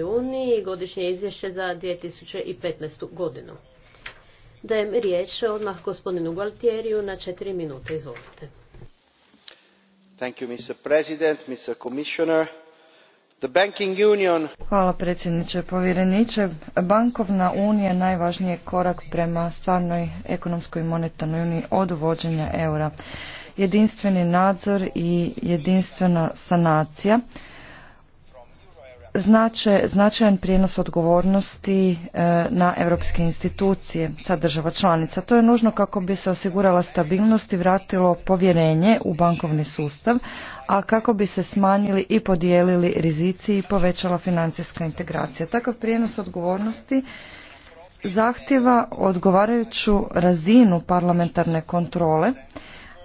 uniji i godišnje izvješće za 2015. godinu. Dajem riječ odmah gospodinu Gualtieriju na četiri minute. Izvolite. Thank you, Mr. President, Mr. Commissioner. The Hvala predsjedniče povjereniče. Bankovna unija je najvažniji korak prema stvarnoj ekonomskoj i monetarnoj uniji od uvođenja eura. Jedinstveni nadzor i jedinstvena sanacija znače značajan prijenos odgovornosti e, na europske institucije sa država članica. To je nužno kako bi se osigurala stabilnost i vratilo povjerenje u bankovni sustav, a kako bi se smanjili i podijelili rizici i povećala financijska integracija. Takav prijenos odgovornosti zahtjeva odgovarajuću razinu parlamentarne kontrole,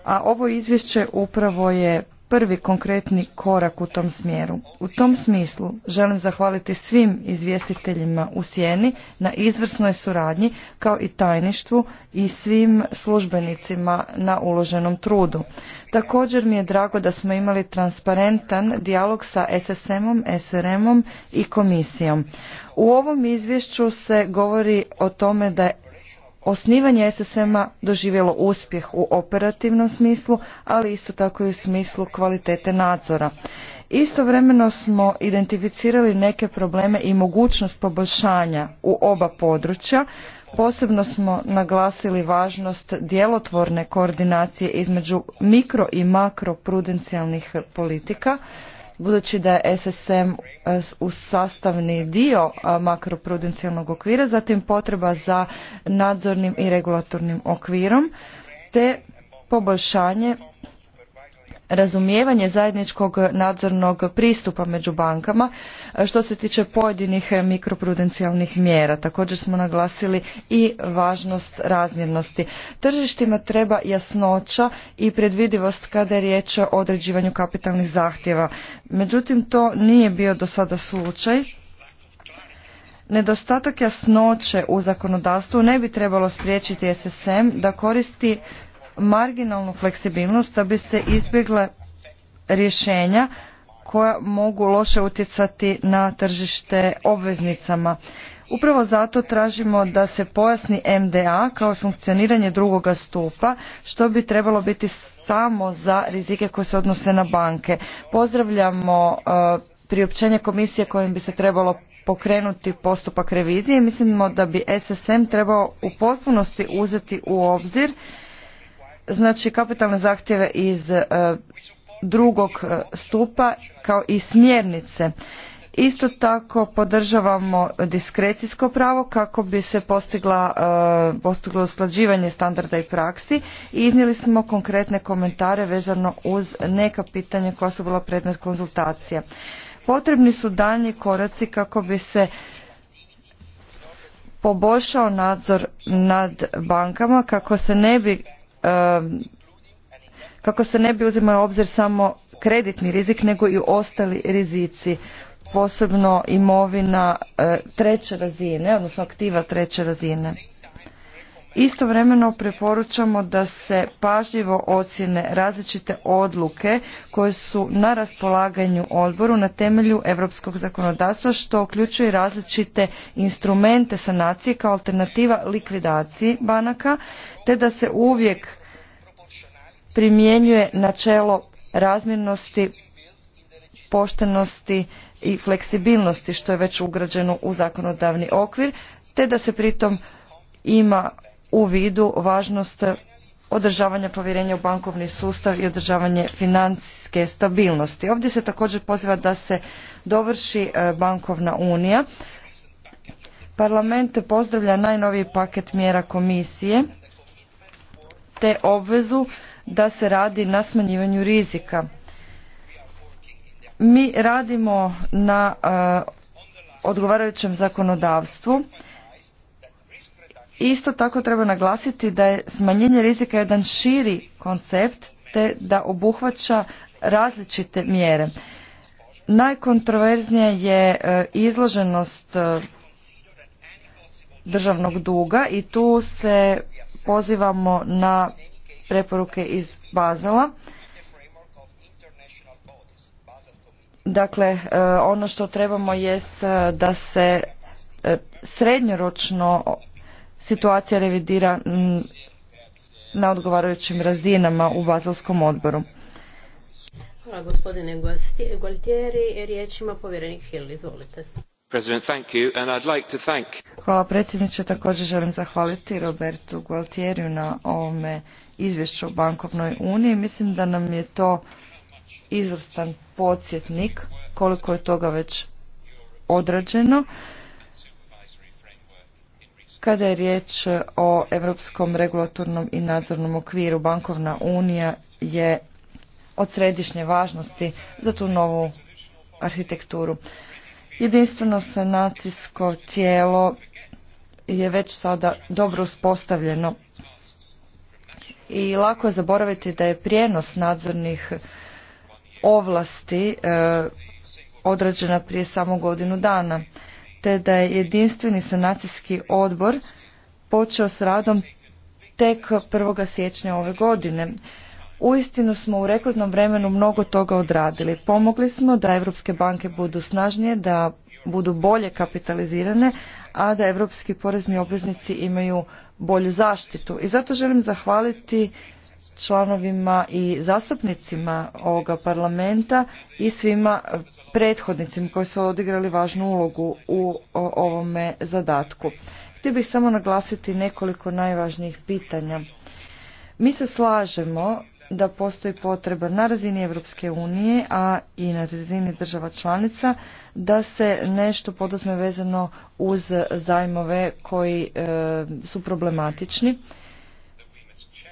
a ovo izvješće upravo je prvi konkretni korak u tom smjeru. U tom smislu želim zahvaliti svim izvjestiteljima u Sjeni na izvrsnoj suradnji kao i tajništvu i svim službenicima na uloženom trudu. Također mi je drago da smo imali transparentan dijalog sa SSM-om, SRM-om i komisijom. U ovom izvješću se govori o tome da je osnivanje SSM-a doživjelo uspjeh u operativnom smislu, ali isto tako i u smislu kvalitete nadzora. Istovremeno smo identificirali neke probleme i mogućnost poboljšanja u oba područja. Posebno smo naglasili važnost djelotvorne koordinacije između mikro i makro prudencijalnih politika, budući da je SSM eh, u sastavni dio eh, makroprudencijalnog okvira, zatim potreba za nadzornim i regulatornim okvirom, te poboljšanje razumijevanje zajedničkog nadzornog pristupa među bankama e, što se tiče pojedinih mikroprudencijalnih mjera. Također smo naglasili i važnost razmjernosti. Tržištima treba jasnoća i predvidivost kada je riječ o određivanju kapitalnih zahtjeva. Međutim, to nije bio do sada slučaj. Nedostatak jasnoće u zakonodavstvu ne bi trebalo spriječiti SSM da koristi marginalnu fleksibilnost da bi se izbjegla rješenja koja mogu loše utjecati na tržište obveznicama. Upravo zato tražimo da se pojasni MDA kao funkcioniranje drugoga stupa, što bi trebalo biti samo za rizike koje se odnose na banke. Pozdravljamo e, priopćenje komisije kojim bi se trebalo pokrenuti postupak revizije. Mislimo da bi SSM trebao u potpunosti uzeti u obzir znači kapitalne zahtjeve iz e, drugog e, stupa kao i smjernice. Isto tako podržavamo diskrecijsko pravo kako bi se postigla, e, postiglo usklađivanje standarda i praksi i iznijeli smo konkretne komentare vezano uz neka pitanja koja su bila predmet konzultacija. Potrebni su daljnji koraci kako bi se poboljšao nadzor nad bankama kako se ne bi kako se ne bi uzimao u obzir samo kreditni rizik nego i ostali rizici posebno imovina e, treće razine odnosno aktiva treće razine Istovremeno preporučamo da se pažljivo ocjene različite odluke koje su na raspolaganju odboru na temelju europskog zakonodavstva što uključuje različite instrumente sanacije kao alternativa likvidaciji banaka te da se uvijek primjenjuje načelo razmjernosti, poštenosti i fleksibilnosti što je već ugrađeno u zakonodavni okvir, te da se pritom ima u vidu važnost održavanja povjerenja u bankovni sustav i održavanje financijske stabilnosti. Ovdje se također poziva da se dovrši e, bankovna unija. Parlament pozdravlja najnoviji paket mjera komisije te obvezu da se radi na smanjivanju rizika. Mi radimo na e, odgovarajućem zakonodavstvu. Isto tako treba naglasiti da je smanjenje rizika jedan širi koncept te da obuhvaća različite mjere. Najkontroverznija je e, izloženost e, državnog duga i tu se pozivamo na preporuke iz Bazela. Dakle, e, ono što trebamo jest e, da se e, srednjoročno situacija revidira na odgovarajućim razinama u Bazelskom odboru. Hvala gospodine Gualtieri. Riječ ima povjerenik Hill. Izvolite. Hvala predsjedniče. Također želim zahvaliti Robertu Gualtieriju na ovome izvješću o bankovnoj uniji. Mislim da nam je to izvrstan podsjetnik koliko je toga već odrađeno. Kada je riječ o Europskom regulatornom i nadzornom okviru, bankovna unija je od središnje važnosti za tu novu arhitekturu. Jedinstveno sanacijsko tijelo je već sada dobro uspostavljeno i lako je zaboraviti da je prijenos nadzornih ovlasti e, odrađena prije samo godinu dana, te da je jedinstveni sanacijski odbor počeo s radom tek 1. siječnja ove godine. Uistinu smo u rekordnom vremenu mnogo toga odradili. Pomogli smo da europske banke budu snažnije, da budu bolje kapitalizirane, a da europski porezni obveznici imaju bolju zaštitu. I zato želim zahvaliti članovima i zastupnicima ovoga parlamenta i svima prethodnicima koji su odigrali važnu ulogu u ovome zadatku. Htio bih samo naglasiti nekoliko najvažnijih pitanja. Mi se slažemo da postoji potreba na razini Europske unije, a i na razini država članica, da se nešto poduzme vezano uz zajmove koji e, su problematični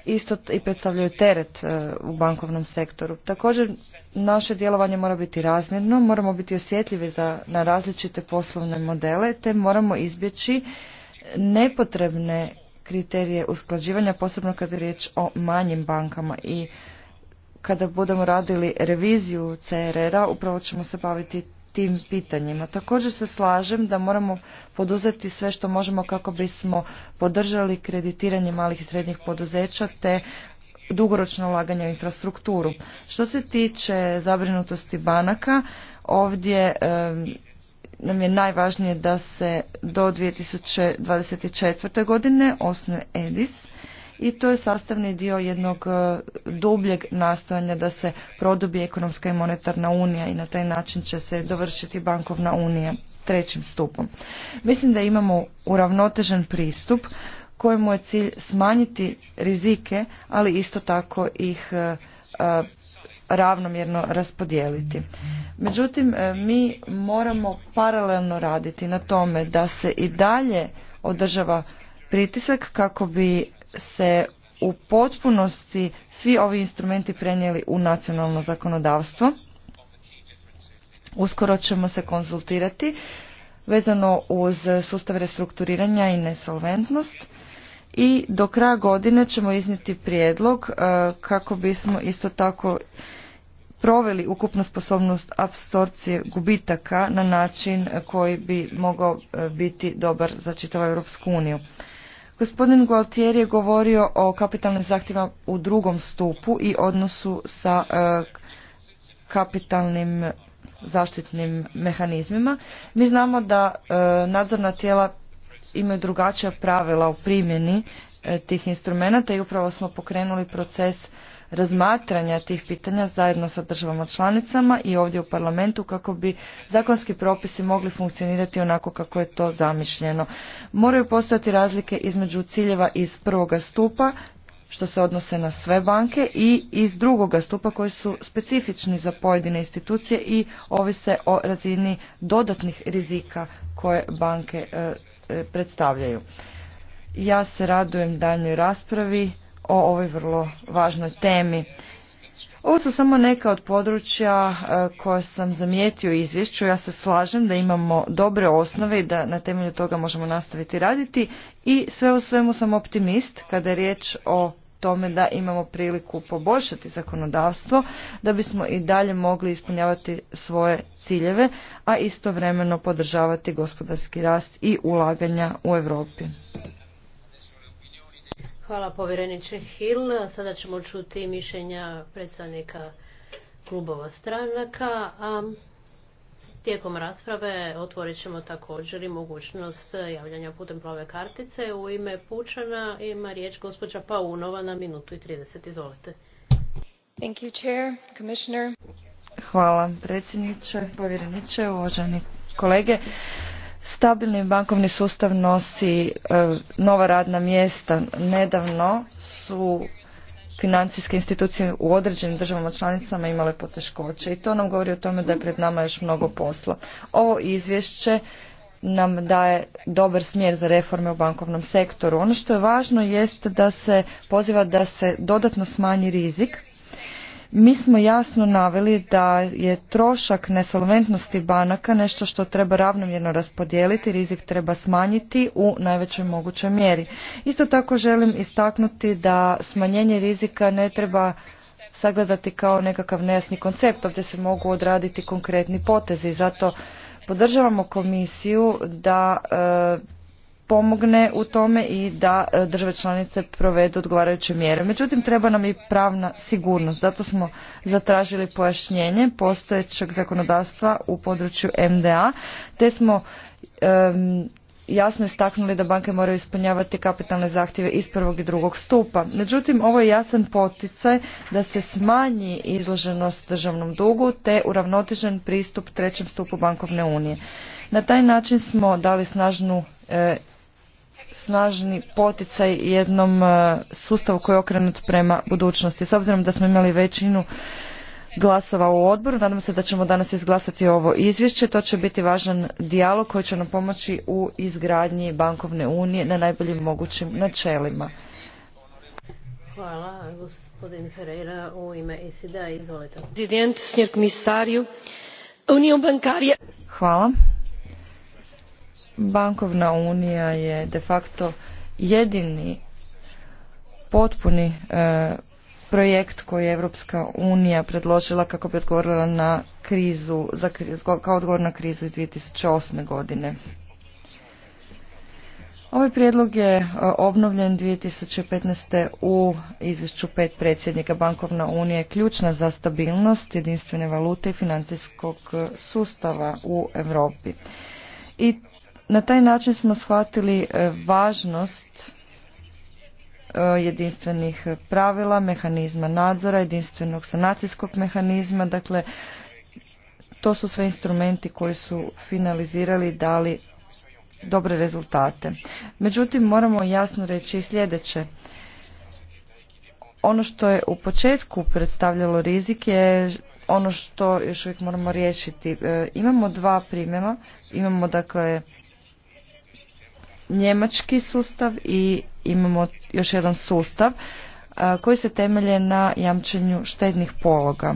isto i predstavljaju teret e, u bankovnom sektoru. Također, naše djelovanje mora biti razmjerno, moramo biti osjetljivi na različite poslovne modele, te moramo izbjeći nepotrebne kriterije usklađivanja, posebno kada je riječ o manjim bankama i kada budemo radili reviziju CRR-a, upravo ćemo se baviti tim pitanjima. Također se slažem da moramo poduzeti sve što možemo kako bismo podržali kreditiranje malih i srednjih poduzeća te dugoročno ulaganje u infrastrukturu. Što se tiče zabrinutosti banaka, ovdje nam je najvažnije da se do 2024. godine osnuje EDIS i to je sastavni dio jednog e, dubljeg nastojanja da se produbi ekonomska i monetarna unija i na taj način će se dovršiti bankovna unija trećim stupom. Mislim da imamo uravnotežen pristup kojemu je cilj smanjiti rizike, ali isto tako ih e, e, ravnomjerno raspodijeliti. Međutim, e, mi moramo paralelno raditi na tome da se i dalje održava pritisak kako bi se u potpunosti svi ovi instrumenti prenijeli u nacionalno zakonodavstvo. Uskoro ćemo se konzultirati vezano uz sustav restrukturiranja i nesolventnost i do kraja godine ćemo iznijeti prijedlog e, kako bismo isto tako proveli ukupnu sposobnost apsorpcije gubitaka na način koji bi mogao e, biti dobar za čitavu Europsku uniju. Gospodin Gualtier je govorio o kapitalnim zahtjevima u drugom stupu i odnosu sa e, kapitalnim zaštitnim mehanizmima. Mi znamo da nadzorna tijela imaju drugačija pravila u primjeni e, tih instrumenata i upravo smo pokrenuli proces razmatranja tih pitanja zajedno sa državama članicama i ovdje u parlamentu kako bi zakonski propisi mogli funkcionirati onako kako je to zamišljeno. Moraju postojati razlike između ciljeva iz prvoga stupa što se odnose na sve banke i iz drugoga stupa koji su specifični za pojedine institucije i ovise o razini dodatnih rizika koje banke e, E, predstavljaju. Ja se radujem daljnjoj raspravi o ovoj vrlo važnoj temi. Ovo su samo neka od područja e, koja sam zamijetio u izvješću. Ja se slažem da imamo dobre osnove i da na temelju toga možemo nastaviti raditi i sve u svemu sam optimist kada je riječ o tome da imamo priliku poboljšati zakonodavstvo da bismo i dalje mogli ispunjavati svoje ciljeve, a istovremeno podržavati gospodarski rast i ulaganja u Europi. Hvala povjereniče Hill. Sada ćemo čuti mišljenja predstavnika klubova stranaka. A Tijekom rasprave otvorit ćemo također i mogućnost e, javljanja putem plave kartice. U ime Pučana ima riječ gospođa Paunova na minutu i 30. Izvolite. Thank you, Hvala predsjedniče, povjereniče, uvaženi kolege. Stabilni bankovni sustav nosi e, nova radna mjesta. Nedavno su financijske institucije u određenim državama članicama imale poteškoće i to nam govori o tome da je pred nama još mnogo posla. Ovo izvješće nam daje dobar smjer za reforme u bankovnom sektoru. Ono što je važno jest da se poziva da se dodatno smanji rizik mi smo jasno naveli da je trošak nesolventnosti banaka nešto što treba ravnomjerno raspodijeliti, rizik treba smanjiti u najvećoj mogućoj mjeri. Isto tako želim istaknuti da smanjenje rizika ne treba sagledati kao nekakav nejasni koncept, ovdje se mogu odraditi konkretni potezi, zato podržavamo komisiju da e, pomogne u tome i da e, države članice provedu odgovarajuće mjere. Međutim, treba nam i pravna sigurnost. Zato smo zatražili pojašnjenje postojećeg zakonodavstva u području MDA, te smo jasno istaknuli da banke moraju ispunjavati kapitalne zahtjeve iz prvog i drugog stupa. Međutim, ovo je jasan poticaj da se smanji izloženost državnom dugu te uravnotežen pristup trećem stupu bankovne unije. Na taj način smo dali snažnu e, snažni poticaj jednom e, sustavu koji je okrenut prema budućnosti. S obzirom da smo imali većinu glasova u odboru, nadam se da ćemo danas izglasati ovo izvješće. To će biti važan dijalog koji će nam pomoći u izgradnji bankovne unije na najboljim mogućim načelima. Hvala, gospodin Ferreira u ime Izvolite. Hvala. Bankovna unija je de facto jedini potpuni e, projekt koji je Europska unija predložila kako bi odgovorila na krizu, kao odgovor na krizu iz 2008. godine. Ovaj prijedlog je e, obnovljen 2015. u izvješću pet predsjednika Bankovna unija je ključna za stabilnost jedinstvene valute i financijskog sustava u Europi. I na taj način smo shvatili e, važnost e, jedinstvenih pravila, mehanizma nadzora, jedinstvenog sanacijskog mehanizma, dakle to su sve instrumenti koji su finalizirali i dali dobre rezultate. Međutim, moramo jasno reći i sljedeće. Ono što je u početku predstavljalo rizik je ono što još uvijek moramo riješiti. E, imamo dva primjera, imamo dakle njemački sustav i imamo još jedan sustav koji se temelje na jamčenju štednih pologa.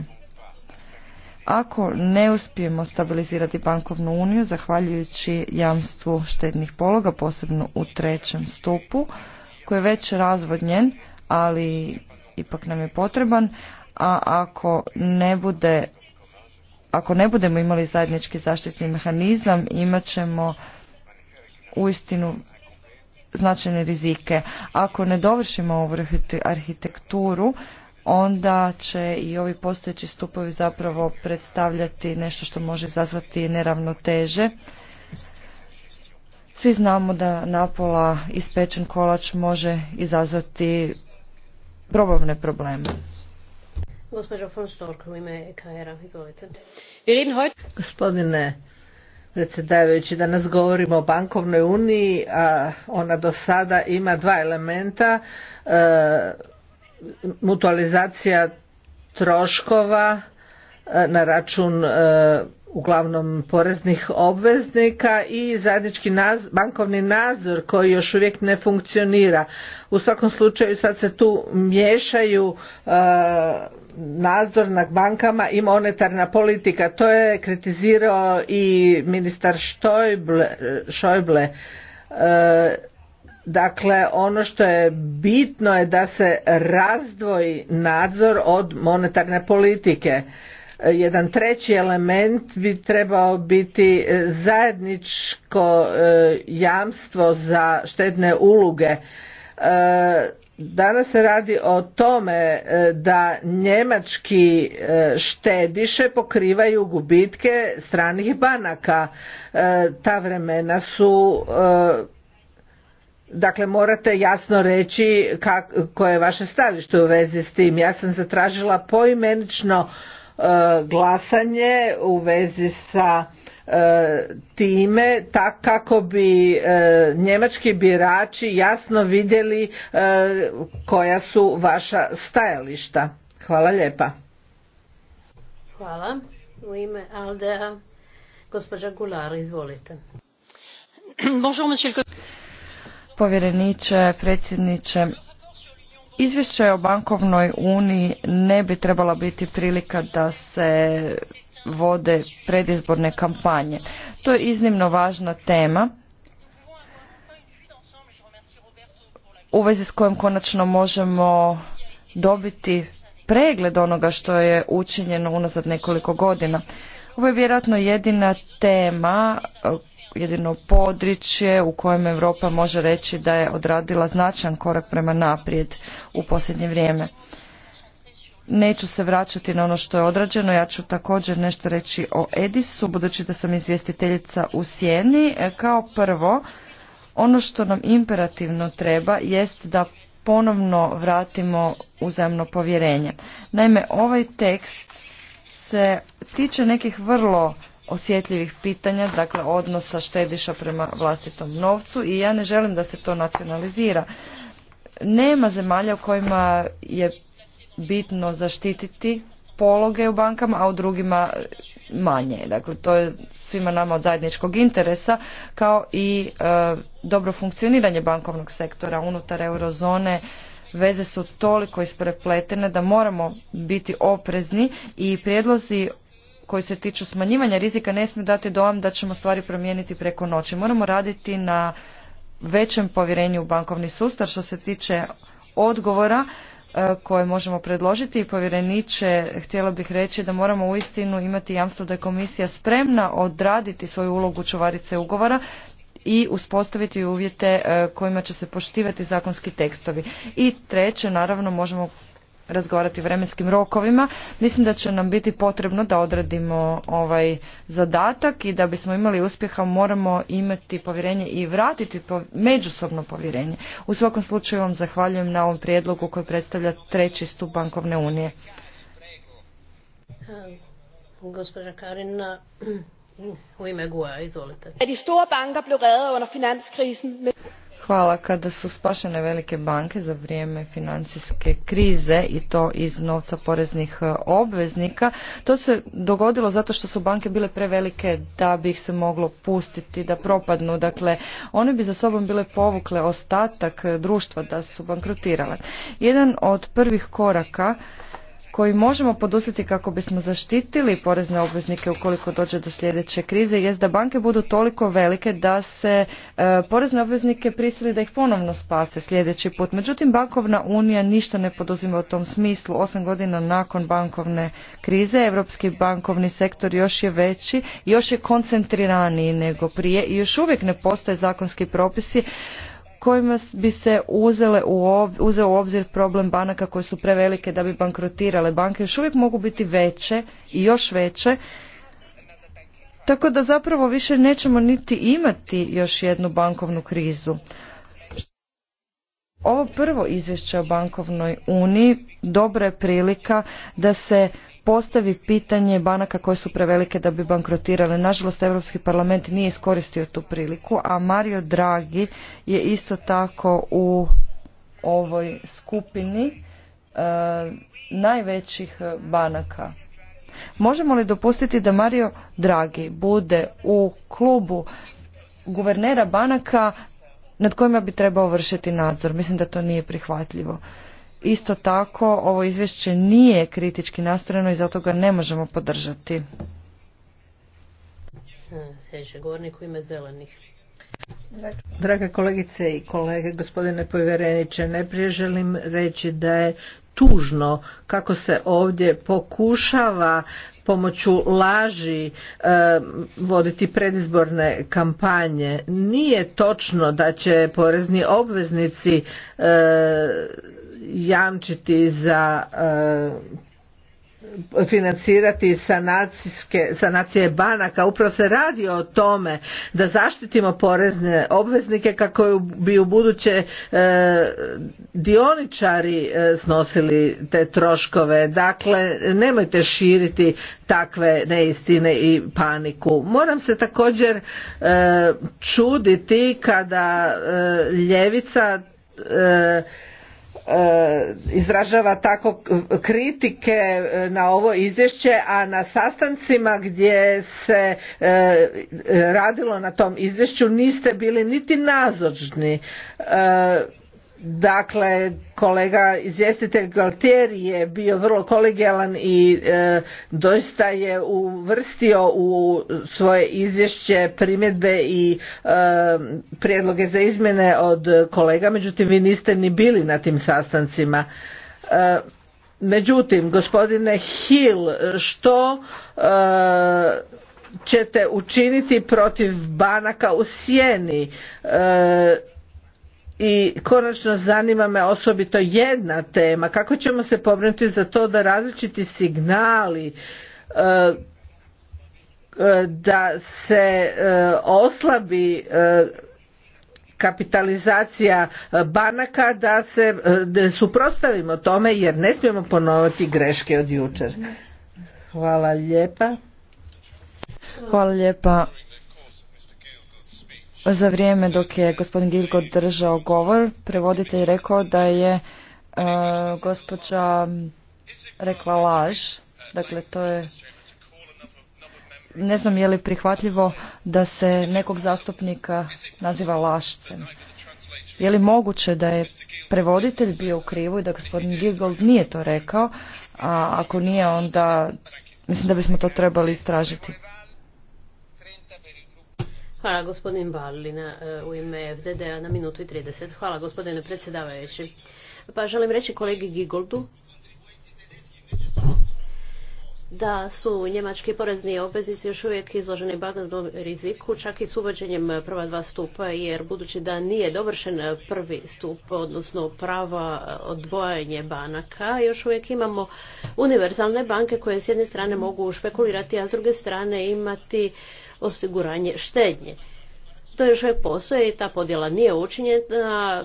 Ako ne uspijemo stabilizirati bankovnu uniju zahvaljujući jamstvu štednih pologa, posebno u trećem stupu, koji je već razvodnjen, ali ipak nam je potreban, a ako ne bude ako ne budemo imali zajednički zaštitni mehanizam, imat ćemo uistinu značajne rizike. Ako ne dovršimo ovu arhitekturu, onda će i ovi postojeći stupovi zapravo predstavljati nešto što može izazvati neravnoteže. Svi znamo da napola ispečen kolač može izazvati probavne probleme. u izvolite. Gospodine predsjedavajući danas govorimo o bankovnoj uniji a ona do sada ima dva elementa e, mutualizacija troškova e, na račun e, uglavnom poreznih obveznika i zajednički bankovni nadzor koji još uvijek ne funkcionira. U svakom slučaju sad se tu miješaju nadzor nad bankama i monetarna politika. To je kritizirao i ministar Šojble. E, dakle, ono što je bitno je da se razdvoji nadzor od monetarne politike. E, jedan treći element bi trebao biti zajedničko e, jamstvo za štedne uluge Danas se radi o tome e, da njemački e, štediše pokrivaju gubitke stranih banaka. E, ta vremena su Dakle, morate jasno reći koje je vaše stavište u vezi s tim. Ja sam zatražila poimenično glasanje u vezi sa E, time tak kako bi e, njemački birači jasno vidjeli e, koja su vaša stajališta. Hvala lijepa. Hvala. U ime Aldea, gospođa Gular, izvolite. Bonjour, monsieur le Povjereniče, predsjedniče, izvješće o bankovnoj uniji ne bi trebala biti prilika da se vode predizborne kampanje. To je iznimno važna tema u vezi s kojom konačno možemo dobiti pregled onoga što je učinjeno unazad nekoliko godina. Ovo je vjerojatno jedina tema, jedino područje u kojem Europa može reći da je odradila značajan korak prema naprijed u posljednje vrijeme. Neću se vraćati na ono što je odrađeno, ja ću također nešto reći o Edisu, budući da sam izvjestiteljica u Sjeni. E, kao prvo, ono što nam imperativno treba jest da ponovno vratimo uzajamno povjerenje. Naime, ovaj tekst se tiče nekih vrlo osjetljivih pitanja, dakle odnosa štediša prema vlastitom novcu i ja ne želim da se to nacionalizira. Nema zemalja u kojima je bitno zaštititi pologe u bankama, a u drugima manje. Dakle, to je svima nama od zajedničkog interesa, kao i e, dobro funkcioniranje bankovnog sektora unutar eurozone. Veze su toliko isprepletene da moramo biti oprezni i prijedlozi koji se tiču smanjivanja rizika ne smiju dati dojam da ćemo stvari promijeniti preko noći. Moramo raditi na većem povjerenju u bankovni sustav što se tiče odgovora E, koje možemo predložiti i povjereniče, htjela bih reći da moramo uistinu imati jamstvo da je komisija spremna odraditi svoju ulogu čuvarice ugovora i uspostaviti uvjete e, kojima će se poštivati zakonski tekstovi. I treće, naravno, možemo razgovarati vremenskim rokovima. Mislim da će nam biti potrebno da odradimo ovaj zadatak i da bismo imali uspjeha moramo imati povjerenje i vratiti međusobno povjerenje. U svakom slučaju vam zahvaljujem na ovom prijedlogu koji predstavlja treći stup bankovne unije. Ehm, gospođa Karina, u ime GUA, izvolite. Hvala. Kada su spašene velike banke za vrijeme financijske krize i to iz novca poreznih e, obveznika, to se dogodilo zato što su banke bile prevelike da bi ih se moglo pustiti, da propadnu. Dakle, one bi za sobom bile povukle ostatak e, društva da su bankrutirale. Jedan od prvih koraka koji možemo poduzeti kako bismo zaštitili porezne obveznike ukoliko dođe do sljedeće krize jest da banke budu toliko velike da se e, porezne obveznike prisili da ih ponovno spase sljedeći put. Međutim, bankovna unija ništa ne poduzima u tom smislu. Osam godina nakon bankovne krize europski bankovni sektor još je veći, još je koncentriraniji nego prije i još uvijek ne postoje zakonski propisi kojima bi se uzele uzeo u obzir problem banaka koje su prevelike da bi bankrotirale. Banke još uvijek mogu biti veće i još veće, tako da zapravo više nećemo niti imati još jednu bankovnu krizu. Ovo prvo izvješće o bankovnoj uniji dobra je prilika da se postavi pitanje banaka koje su prevelike da bi bankrotirale. Nažalost, Europski parlament nije iskoristio tu priliku, a Mario Draghi je isto tako u ovoj skupini e, najvećih banaka. Možemo li dopustiti da Mario Draghi bude u klubu guvernera banaka nad kojima bi trebao vršiti nadzor. Mislim da to nije prihvatljivo. Isto tako, ovo izvješće nije kritički nastrojeno i zato ga ne možemo podržati. Sljedeći govornik u ime zelenih. Drage kolegice i kolege, gospodine povjereniče, prije želim reći da je tužno kako se ovdje pokušava pomoću laži e, voditi predizborne kampanje nije točno da će porezni obveznici e, jamčiti za e, financirati sanacijske, sanacije banaka. Upravo se radi o tome da zaštitimo porezne obveznike kako bi u buduće e, dioničari e, snosili te troškove. Dakle, nemojte širiti takve neistine i paniku. Moram se također e, čuditi kada ljevica Eh, izražava tako kritike eh, na ovo izvješće, a na sastancima gdje se eh, radilo na tom izvješću niste bili niti nazočni. Dakle, kolega izvjestitelj Galtier je bio vrlo kolegijalan i e, doista je uvrstio u svoje izvješće primjedbe i e, prijedloge za izmjene od kolega, međutim vi niste ni bili na tim sastancima. E, međutim, gospodine Hill, što ćete učiniti protiv banaka u sjeni? i konačno zanima me osobito jedna tema kako ćemo se pobrinuti za to da različiti signali e, e, da se e, oslabi kapitalizacija banaka da se da suprotstavimo tome jer ne smijemo ponoviti greške od jučer. Hvala lijepa. Hvala lijepa za vrijeme dok je gospodin Gilgo držao govor, prevoditelj rekao da je e, gospođa rekla laž. Dakle, to je... Ne znam je li prihvatljivo da se nekog zastupnika naziva lašcem. Je li moguće da je prevoditelj bio u krivu i da gospodin Gilgold nije to rekao, a ako nije onda mislim da bismo to trebali istražiti. Hvala gospodin Balina, e, u ime fdd na minutu i 30. Hvala gospodine predsjedavajući. Pa želim reći kolegi Gigoldu da su njemački porezni obveznici još uvijek izloženi bagatelnom riziku, čak i s uvođenjem prva dva stupa, jer budući da nije dovršen prvi stup, odnosno prava odvojanje banaka, još uvijek imamo univerzalne banke koje s jedne strane mogu špekulirati, a s druge strane imati osiguranje štednje. To još uvijek postoje i ta podjela nije učinjena.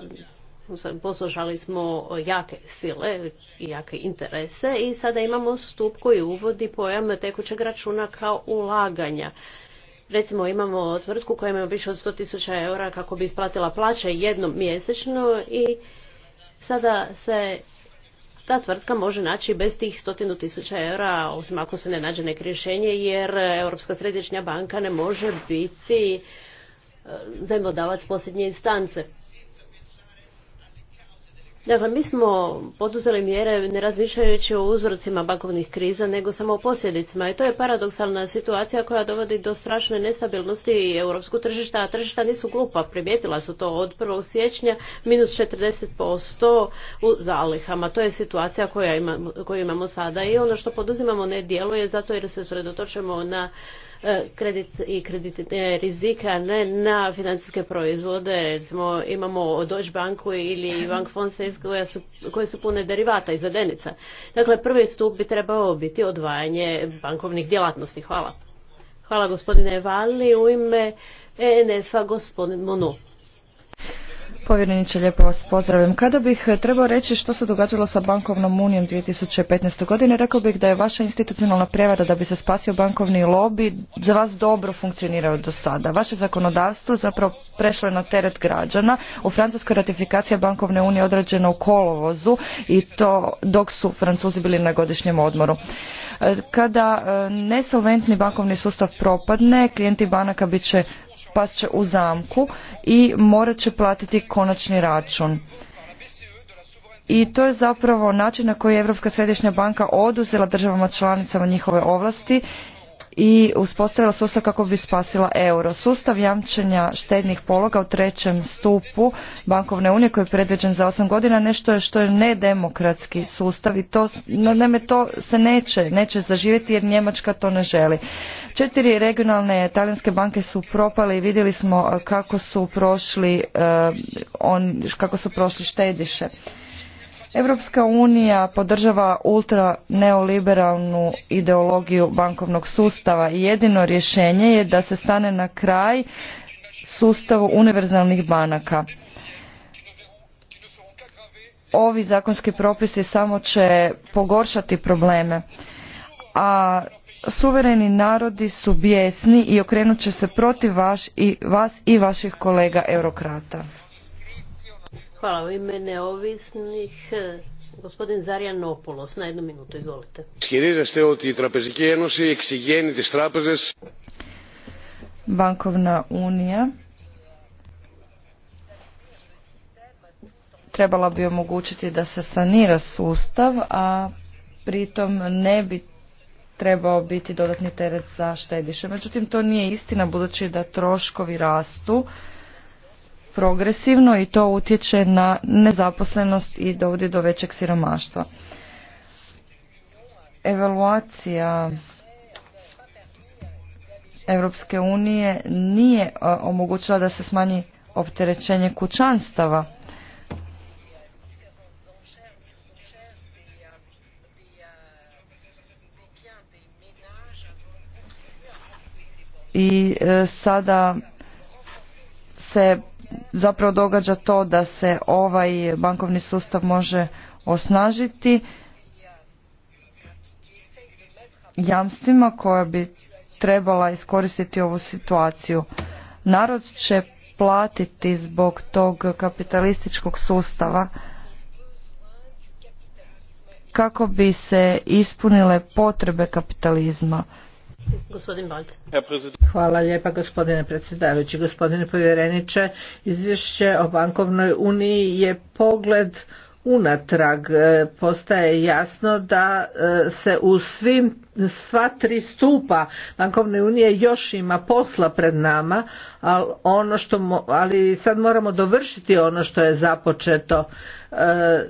Poslušali smo jake sile i jake interese i sada imamo stup koji uvodi pojam tekućeg računa kao ulaganja. Recimo imamo tvrtku koja ima više od 100.000 eura kako bi isplatila plaće jednom mjesečno i sada se ta tvrtka može naći bez tih stotinu tisuća eura, osim ako se ne nađe neko rješenje, jer Europska središnja banka ne može biti eh, zajmodavac posljednje instance. Dakle, mi smo poduzeli mjere ne razmišljajući o uzrocima bankovnih kriza, nego samo o posljedicima. I to je paradoksalna situacija koja dovodi do strašne nestabilnosti i europskog tržišta, a tržišta nisu glupa. Primijetila su to od 1. siječnja minus 40% u zalihama. To je situacija koja koju imamo sada i ono što poduzimamo ne djeluje zato jer se sredotočemo na E, kredit i kredit rizika ne na financijske proizvode. Recimo imamo Deutsche Banku ili Bank Fonsejsko koje su, koje su pune derivata i zadenica. Dakle, prvi stup bi trebao biti odvajanje bankovnih djelatnosti. Hvala. Hvala gospodine Vali. U ime ENF-a gospodin Povjereniče, lijepo vas pozdravljam. Kada bih eh, trebao reći što se događalo sa bankovnom unijom 2015. godine, rekao bih da je vaša institucionalna prevara da bi se spasio bankovni lobby za vas dobro funkcionirao do sada. Vaše zakonodavstvo zapravo prešlo je na teret građana. U Francuskoj ratifikacija bankovne unije odrađena u kolovozu i to dok su Francuzi bili na godišnjem odmoru. Eh, kada eh, nesolventni bankovni sustav propadne, klijenti banaka bit će Past će u zamku i morat će platiti konačni račun. I to je zapravo način na koji je Europska središnja banka oduzela državama članicama njihove ovlasti i uspostavila sustav kako bi spasila euro. Sustav jamčenja štednih pologa u trećem stupu bankovne unije koji je predviđen za 8 godina nešto je što je nedemokratski sustav i to, naime, to se neće, neće zaživjeti jer Njemačka to ne želi. Četiri regionalne talijanske banke su propale i vidjeli smo e, kako su prošli, e, kako su prošli štediše. Europska unija podržava ultra neoliberalnu ideologiju bankovnog sustava i jedino rješenje je da se stane na kraj sustavu univerzalnih banaka. Ovi zakonski propisi samo će pogoršati probleme, a suvereni narodi su bijesni i okrenut će se protiv i vas i vaših kolega eurokrata. Hvala u ime neovisnih. E, gospodin Zarijan Nopulos, na jednu minutu, izvolite. Bankovna unija trebala bi omogućiti da se sanira sustav, a pritom ne bi trebao biti dodatni teret za štediše. Međutim, to nije istina budući da troškovi rastu progresivno i to utječe na nezaposlenost i dovodi do većeg siromaštva. Evaluacija Europske unije nije omogućila da se smanji opterećenje kućanstava i e, sada se zapravo događa to da se ovaj bankovni sustav može osnažiti jamstvima koja bi trebala iskoristiti ovu situaciju. Narod će platiti zbog tog kapitalističkog sustava kako bi se ispunile potrebe kapitalizma. Hvala lijepa gospodine predsjedavajući. Gospodine povjereniče, izvješće o bankovnoj uniji je pogled unatrag. E, postaje jasno da e, se u svim, sva tri stupa bankovne unije još ima posla pred nama, ali, ono što, ali sad moramo dovršiti ono što je započeto. E,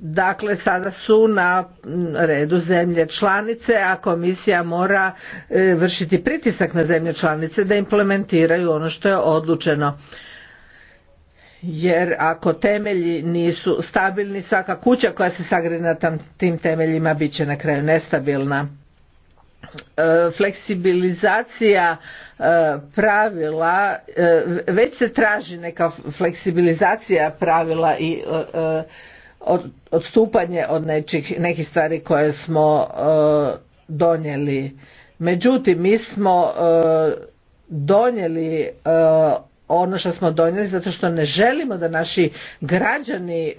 Dakle, sada su na redu zemlje članice, a komisija mora e, vršiti pritisak na zemlje članice da implementiraju ono što je odlučeno. Jer ako temelji nisu stabilni, svaka kuća koja se sagradi na tim temeljima bit će na kraju nestabilna. E, fleksibilizacija e, pravila, već se traži neka fleksibilizacija pravila i odstupanje od nečih, nekih stvari koje smo e, donijeli. Međutim, mi smo e, donijeli e, ono što smo donijeli zato što ne želimo da naši građani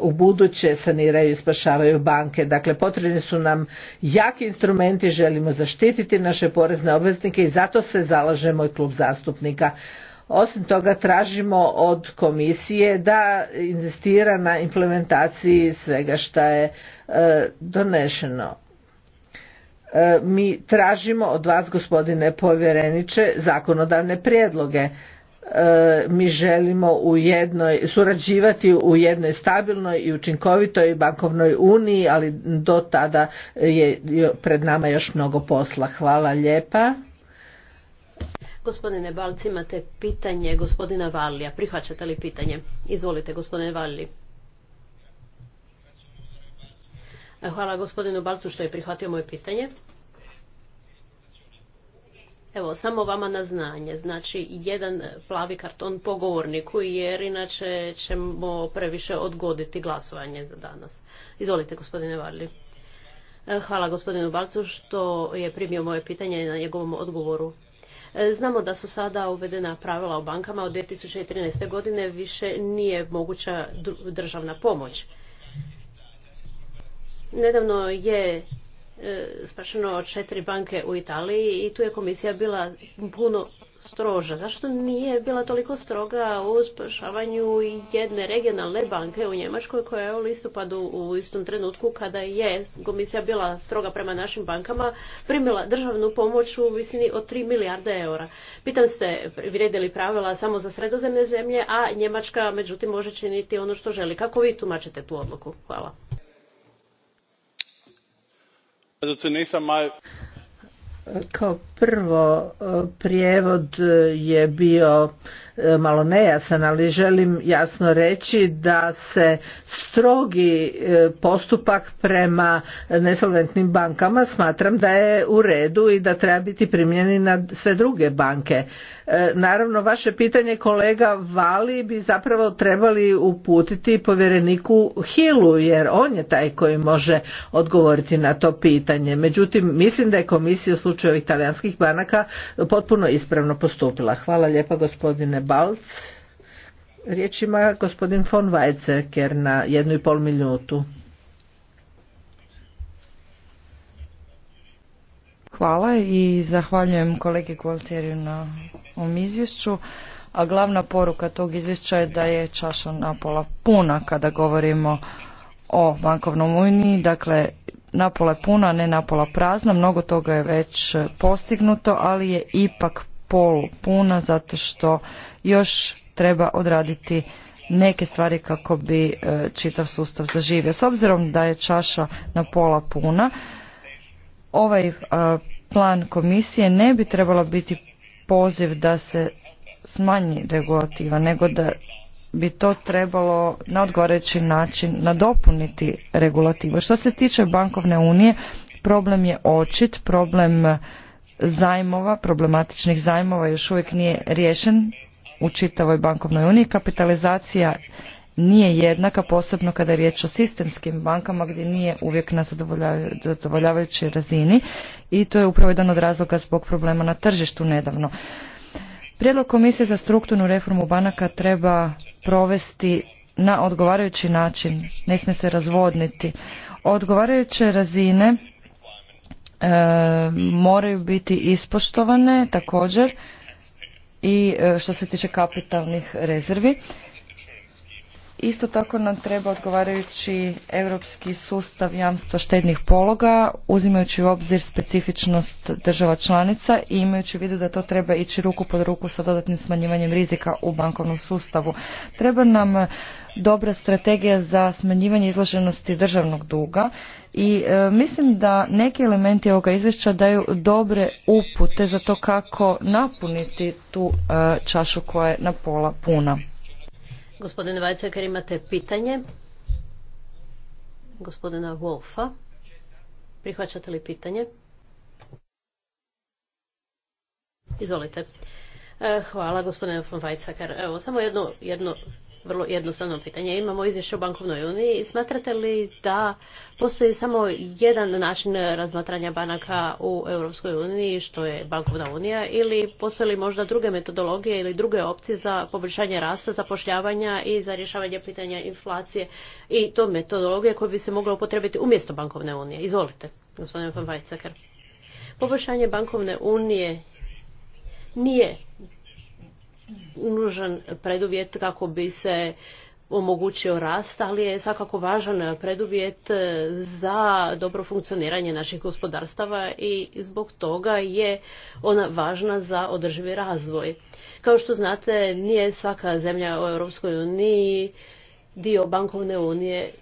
u buduće saniraju i spašavaju banke. Dakle, potrebni su nam jaki instrumenti, želimo zaštititi naše porezne obveznike i zato se zalažemo i klub zastupnika osim toga tražimo od komisije da inzistira na implementaciji svega šta je e, donešeno. E, mi tražimo od vas gospodine povjereniče zakonodavne prijedloge e, mi želimo u jednoj, surađivati u jednoj stabilnoj i učinkovitoj bankovnoj uniji, ali do tada je pred nama još mnogo posla. Hvala lijepa. Gospodine Balci, imate pitanje gospodina Valija. Prihvaćate li pitanje? Izvolite, gospodine Valli. Hvala gospodinu Balcu što je prihvatio moje pitanje. Evo, samo vama na znanje. Znači, jedan plavi karton po govorniku, jer inače ćemo previše odgoditi glasovanje za danas. Izvolite, gospodine Varli. Hvala gospodinu Balcu što je primio moje pitanje na njegovom odgovoru. Znamo da su sada uvedena pravila o bankama od 2013. godine više nije moguća državna pomoć. Nedavno je e, spašeno četiri banke u Italiji i tu je komisija bila puno stroža? Zašto nije bila toliko stroga u spašavanju jedne regionalne banke u Njemačkoj koja je u listopadu u istom trenutku kada je komisija bila stroga prema našim bankama primila državnu pomoć u visini od 3 milijarde eura. Pitam se, vrijede li pravila samo za sredozemne zemlje, a Njemačka međutim može činiti ono što želi. Kako vi tumačite tu odluku? Hvala. Kao prvo e, prijevod je bio E, malo nejasan, ali želim jasno reći da se strogi e, postupak prema nesolventnim bankama smatram da je u redu i da treba biti primljeni na sve druge banke. E, naravno, vaše pitanje kolega Vali bi zapravo trebali uputiti povjereniku Hilu, jer on je taj koji može odgovoriti na to pitanje. Međutim, mislim da je komisija u slučaju italijanskih banaka potpuno ispravno postupila. Hvala lijepa gospodine Balc. Riječ ima gospodin von Weizsäcker na jednu i pol minutu. Hvala i zahvaljujem kolegi Kvalteriju na ovom izvješću. A glavna poruka tog izvješća je da je čaša napola puna kada govorimo o bankovnom uniji. Dakle, napola puna, ne napola prazna. Mnogo toga je već postignuto, ali je ipak pol puna zato što još treba odraditi neke stvari kako bi e, čitav sustav zaživio. S obzirom da je čaša na pola puna, ovaj e, plan komisije ne bi trebalo biti poziv da se smanji regulativa, nego da bi to trebalo na odgovarajući način nadopuniti regulativu. Što se tiče bankovne unije, problem je očit, problem zajmova, problematičnih zajmova još uvijek nije riješen u čitavoj bankovnoj uniji. Kapitalizacija nije jednaka, posebno kada je riječ o sistemskim bankama gdje nije uvijek na zadovoljavajućoj razini i to je upravo jedan od razloga zbog problema na tržištu nedavno. Prijedlog Komisije za strukturnu reformu banaka treba provesti na odgovarajući način, ne smije se razvodniti. Odgovarajuće razine e, moraju biti ispoštovane također i e, što se tiče kapitalnih rezervi. Isto tako nam treba odgovarajući europski sustav jamstva štednih pologa, uzimajući u obzir specifičnost država članica i imajući u vidu da to treba ići ruku pod ruku sa dodatnim smanjivanjem rizika u bankovnom sustavu. Treba nam dobra strategija za smanjivanje izloženosti državnog duga i e, mislim da neki elementi ovoga izvješća daju dobre upute za to kako napuniti tu e, čašu koja je na pola puna. Gospodine Vajceker, imate pitanje? Gospodina Wolfa, prihvaćate li pitanje? Izvolite. E, hvala gospodine von Evo, samo jedno, jedno vrlo jednostavno pitanje. Imamo izvješće o bankovnoj uniji smatrate li da postoji samo jedan način razmatranja banaka u Europskoj uniji, što je bankovna unija, ili postoje li možda druge metodologije ili druge opcije za poboljšanje rasta, zapošljavanja i za rješavanje pitanja inflacije i to metodologije koje bi se mogla upotrebiti umjesto bankovne unije? Izvolite, gospodine Van Weizsäcker. Poboljšanje bankovne unije nije nužan preduvjet kako bi se omogućio rast, ali je svakako važan preduvjet za dobro funkcioniranje naših gospodarstava i zbog toga je ona važna za održivi razvoj. Kao što znate, nije svaka zemlja u EU dio bankovne unije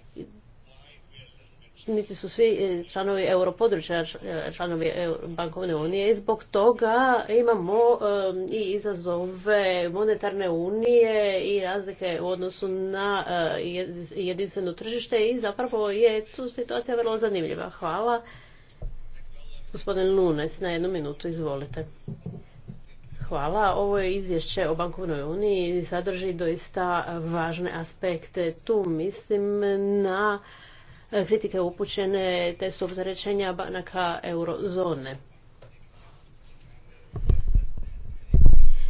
niti su svi e, članovi europodručja e, članovi e, bankovne unije i zbog toga imamo i izazove monetarne unije i razlike u odnosu na jedinstveno tržište i zapravo je tu situacija vrlo zanimljiva. Hvala. Gospodin Lunes, na jednu minutu, izvolite. Hvala. Ovo je izvješće o bankovnoj uniji i sadrži doista važne aspekte. Tu mislim na kritike upućene testu opterećenja banaka eurozone.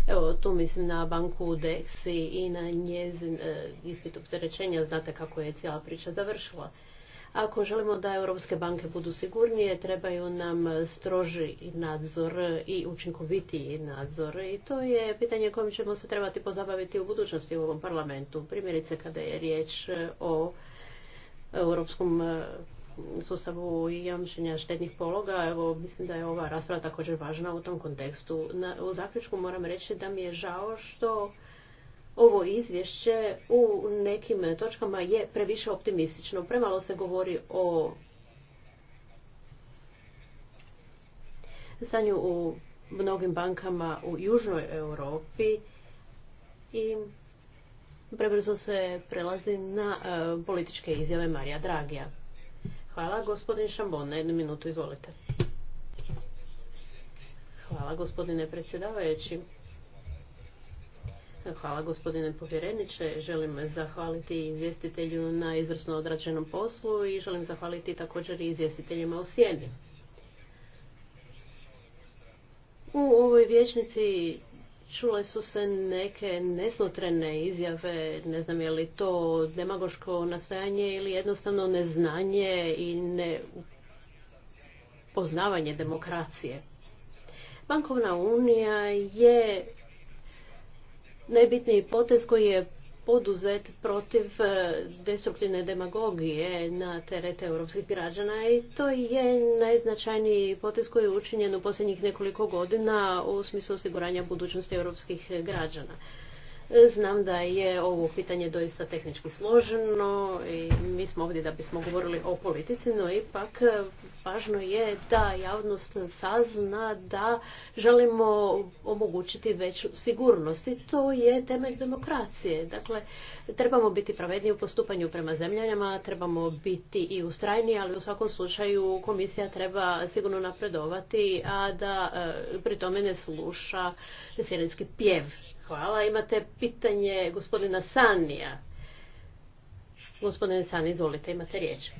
Evo, tu mislim na banku Dexi i na njezin e, ispit opterećenja. Znate kako je cijela priča završila. Ako želimo da europske banke budu sigurnije, trebaju nam stroži nadzor i učinkovitiji nadzor. I to je pitanje kojim ćemo se trebati pozabaviti u budućnosti u ovom parlamentu. Primjerice kada je riječ e, o europskom e, sustavu jamčenja štednih pologa. Evo, mislim da je ova rasprava također važna u tom kontekstu. Na, u zaključku moram reći da mi je žao što ovo izvješće u nekim točkama je previše optimistično. Premalo se govori o stanju u mnogim bankama u južnoj Europi i Prebrzo se prelazi na e, političke izjave Marija Dragija. Hvala, gospodin Šambon, na jednu minutu, izvolite. Hvala, gospodine predsjedavajući. Hvala gospodine povjereniče. Želim zahvaliti izvjestitelju na izvrsno odrađenom poslu i želim zahvaliti također i izvjestiteljima u sjeni. U ovoj vječnici čule su se neke nesmotrene izjave, ne znam je li to demagoško nastajanje ili jednostavno neznanje i poznavanje demokracije. Bankovna unija je najbitniji potez koji je poduzet protiv e, destruktivne demagogije na teret europskih građana i to je najznačajniji potez koji je učinjen u posljednjih nekoliko godina u smislu osiguranja budućnosti europskih građana. Znam da je ovo pitanje doista tehnički složeno i mi smo ovdje da bismo govorili o politici, no ipak važno je da javnost sazna da želimo omogućiti veću sigurnost i to je temelj demokracije. Dakle, trebamo biti pravedniji u postupanju prema zemljama, trebamo biti i ustrajni, ali u svakom slučaju komisija treba sigurno napredovati, a da e, pri tome ne sluša sirijski pjev. Hvala. Imate pitanje gospodina Sanija. Gospodine San, izvolite, imate riječ.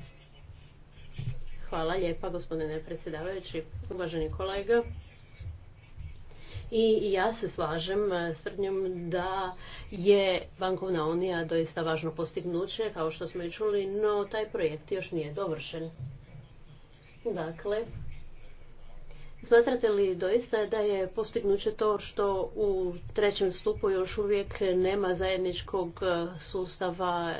Hvala lijepa, gospodine predsjedavajući, uvaženi kolega. I ja se slažem e, s tvrdnjom da je bankovna unija doista važno postignuće, kao što smo i čuli, no taj projekt još nije dovršen. Dakle, Smatrate li doista da je postignuće to što u trećem stupu još uvijek nema zajedničkog e, sustava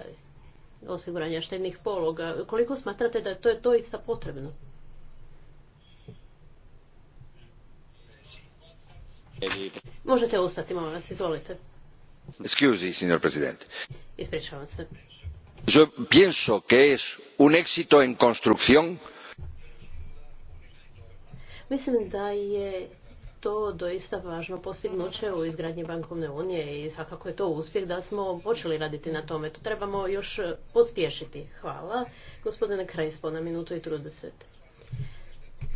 osiguranja štednih pologa? Koliko smatrate da to je doista potrebno? Možete ostati, molim vas, izvolite. me, signor Presidente. Ispričavam se. Yo pienso que es un éxito en construcción Mislim da je to doista važno postignuće u izgradnji bankovne unije i svakako je to uspjeh da smo počeli raditi na tome. To trebamo još pospješiti. Hvala. Gospodine Krajspo, na minutu i 30.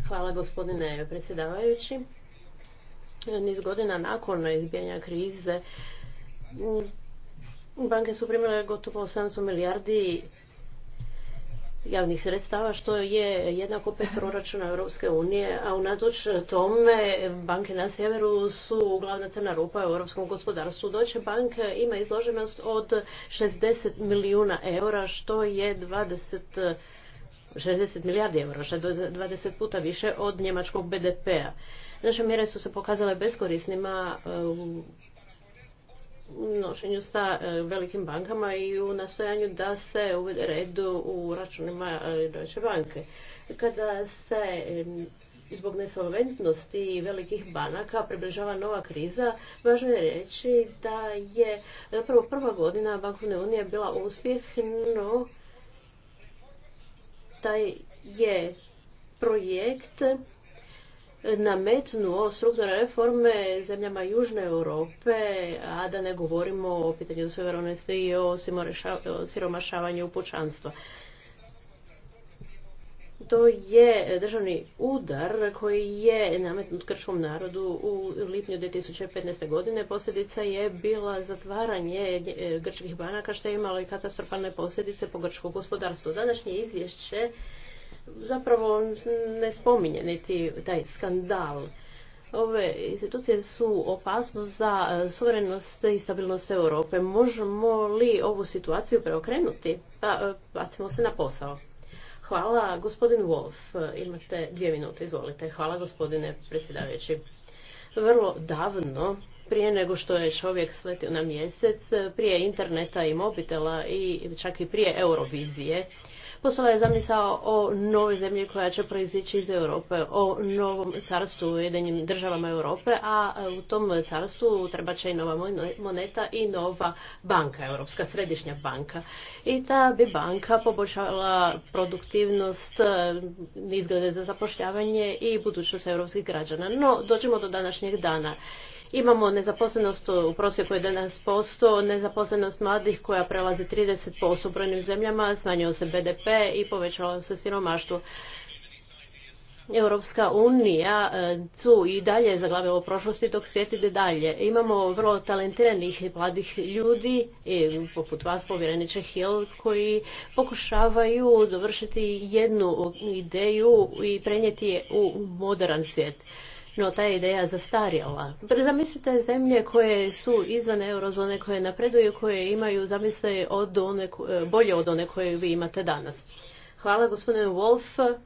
Hvala gospodine predsjedavajući. Niz godina nakon izbijanja krize banke su primile gotovo 800 milijardi javnih sredstava što je jednako pet proračuna Europske unije, a unatoč tome banke na sjeveru su glavna crna rupa u europskom gospodarstvu. Deutsche Bank ima izloženost od 60 milijuna eura što je 20 60 milijardi eura, što je 20 puta više od njemačkog BDP-a. Naše mjere su se pokazale beskorisnima u nošenju sa e, velikim bankama i u nastojanju da se uvede redu u računima e, Deutsche banke. Kada se e, zbog nesolventnosti velikih banaka približava nova kriza, važno je reći da je zapravo prva godina bankovne unije bila uspjeh, no taj je projekt nametnuo strukturne reforme zemljama Južne Europe, a da ne govorimo o pitanju suverenosti i o siromašavanju pučanstva. To je državni udar koji je nametnut krškom narodu u lipnju 2015. godine. Posljedica je bila zatvaranje eh, grčkih banaka što je imalo i katastrofalne posljedice po grčkom gospodarstvo. Današnje izvješće zapravo ne spominje niti taj skandal. Ove institucije su opasnost za e, suverenost i stabilnost Europe. Možemo li ovu situaciju preokrenuti? Pa, e, bacimo se na posao. Hvala, gospodin Wolf. E, imate dvije minute, izvolite. Hvala, gospodine predsjedavajući. Vrlo davno, prije nego što je čovjek sletio na mjesec, prije interneta i mobitela i čak i prije Eurovizije, Postala je zamisao o novoj zemlji koja će proizići iz Europe, o novom carstvu u Ujedinjenim državama Europe, a e, u tom carstvu treba će i nova moneta i nova banka, Europska središnja banka. I ta bi banka poboljšala produktivnost, e, izglede za zapošljavanje i budućnost europskih građana. No, dođemo do današnjeg dana. Imamo nezaposlenost u prosjeku posto nezaposlenost mladih koja prelazi 30% u brojnim zemljama, smanjio se BDP i povećalo se siromaštvo. Europska unija e, su i dalje za glave o prošlosti dok svijet ide dalje. Imamo vrlo talentiranih i mladih ljudi, poput vas povjereniče Hill, koji pokušavaju dovršiti jednu ideju i prenijeti je u modern svijet. No, ta je ideja zastarjela. Zamislite zemlje koje su izvan eurozone, koje napreduju, koje imaju zamisle od one, e, bolje od one koje vi imate danas. Hvala gospodine Wolf.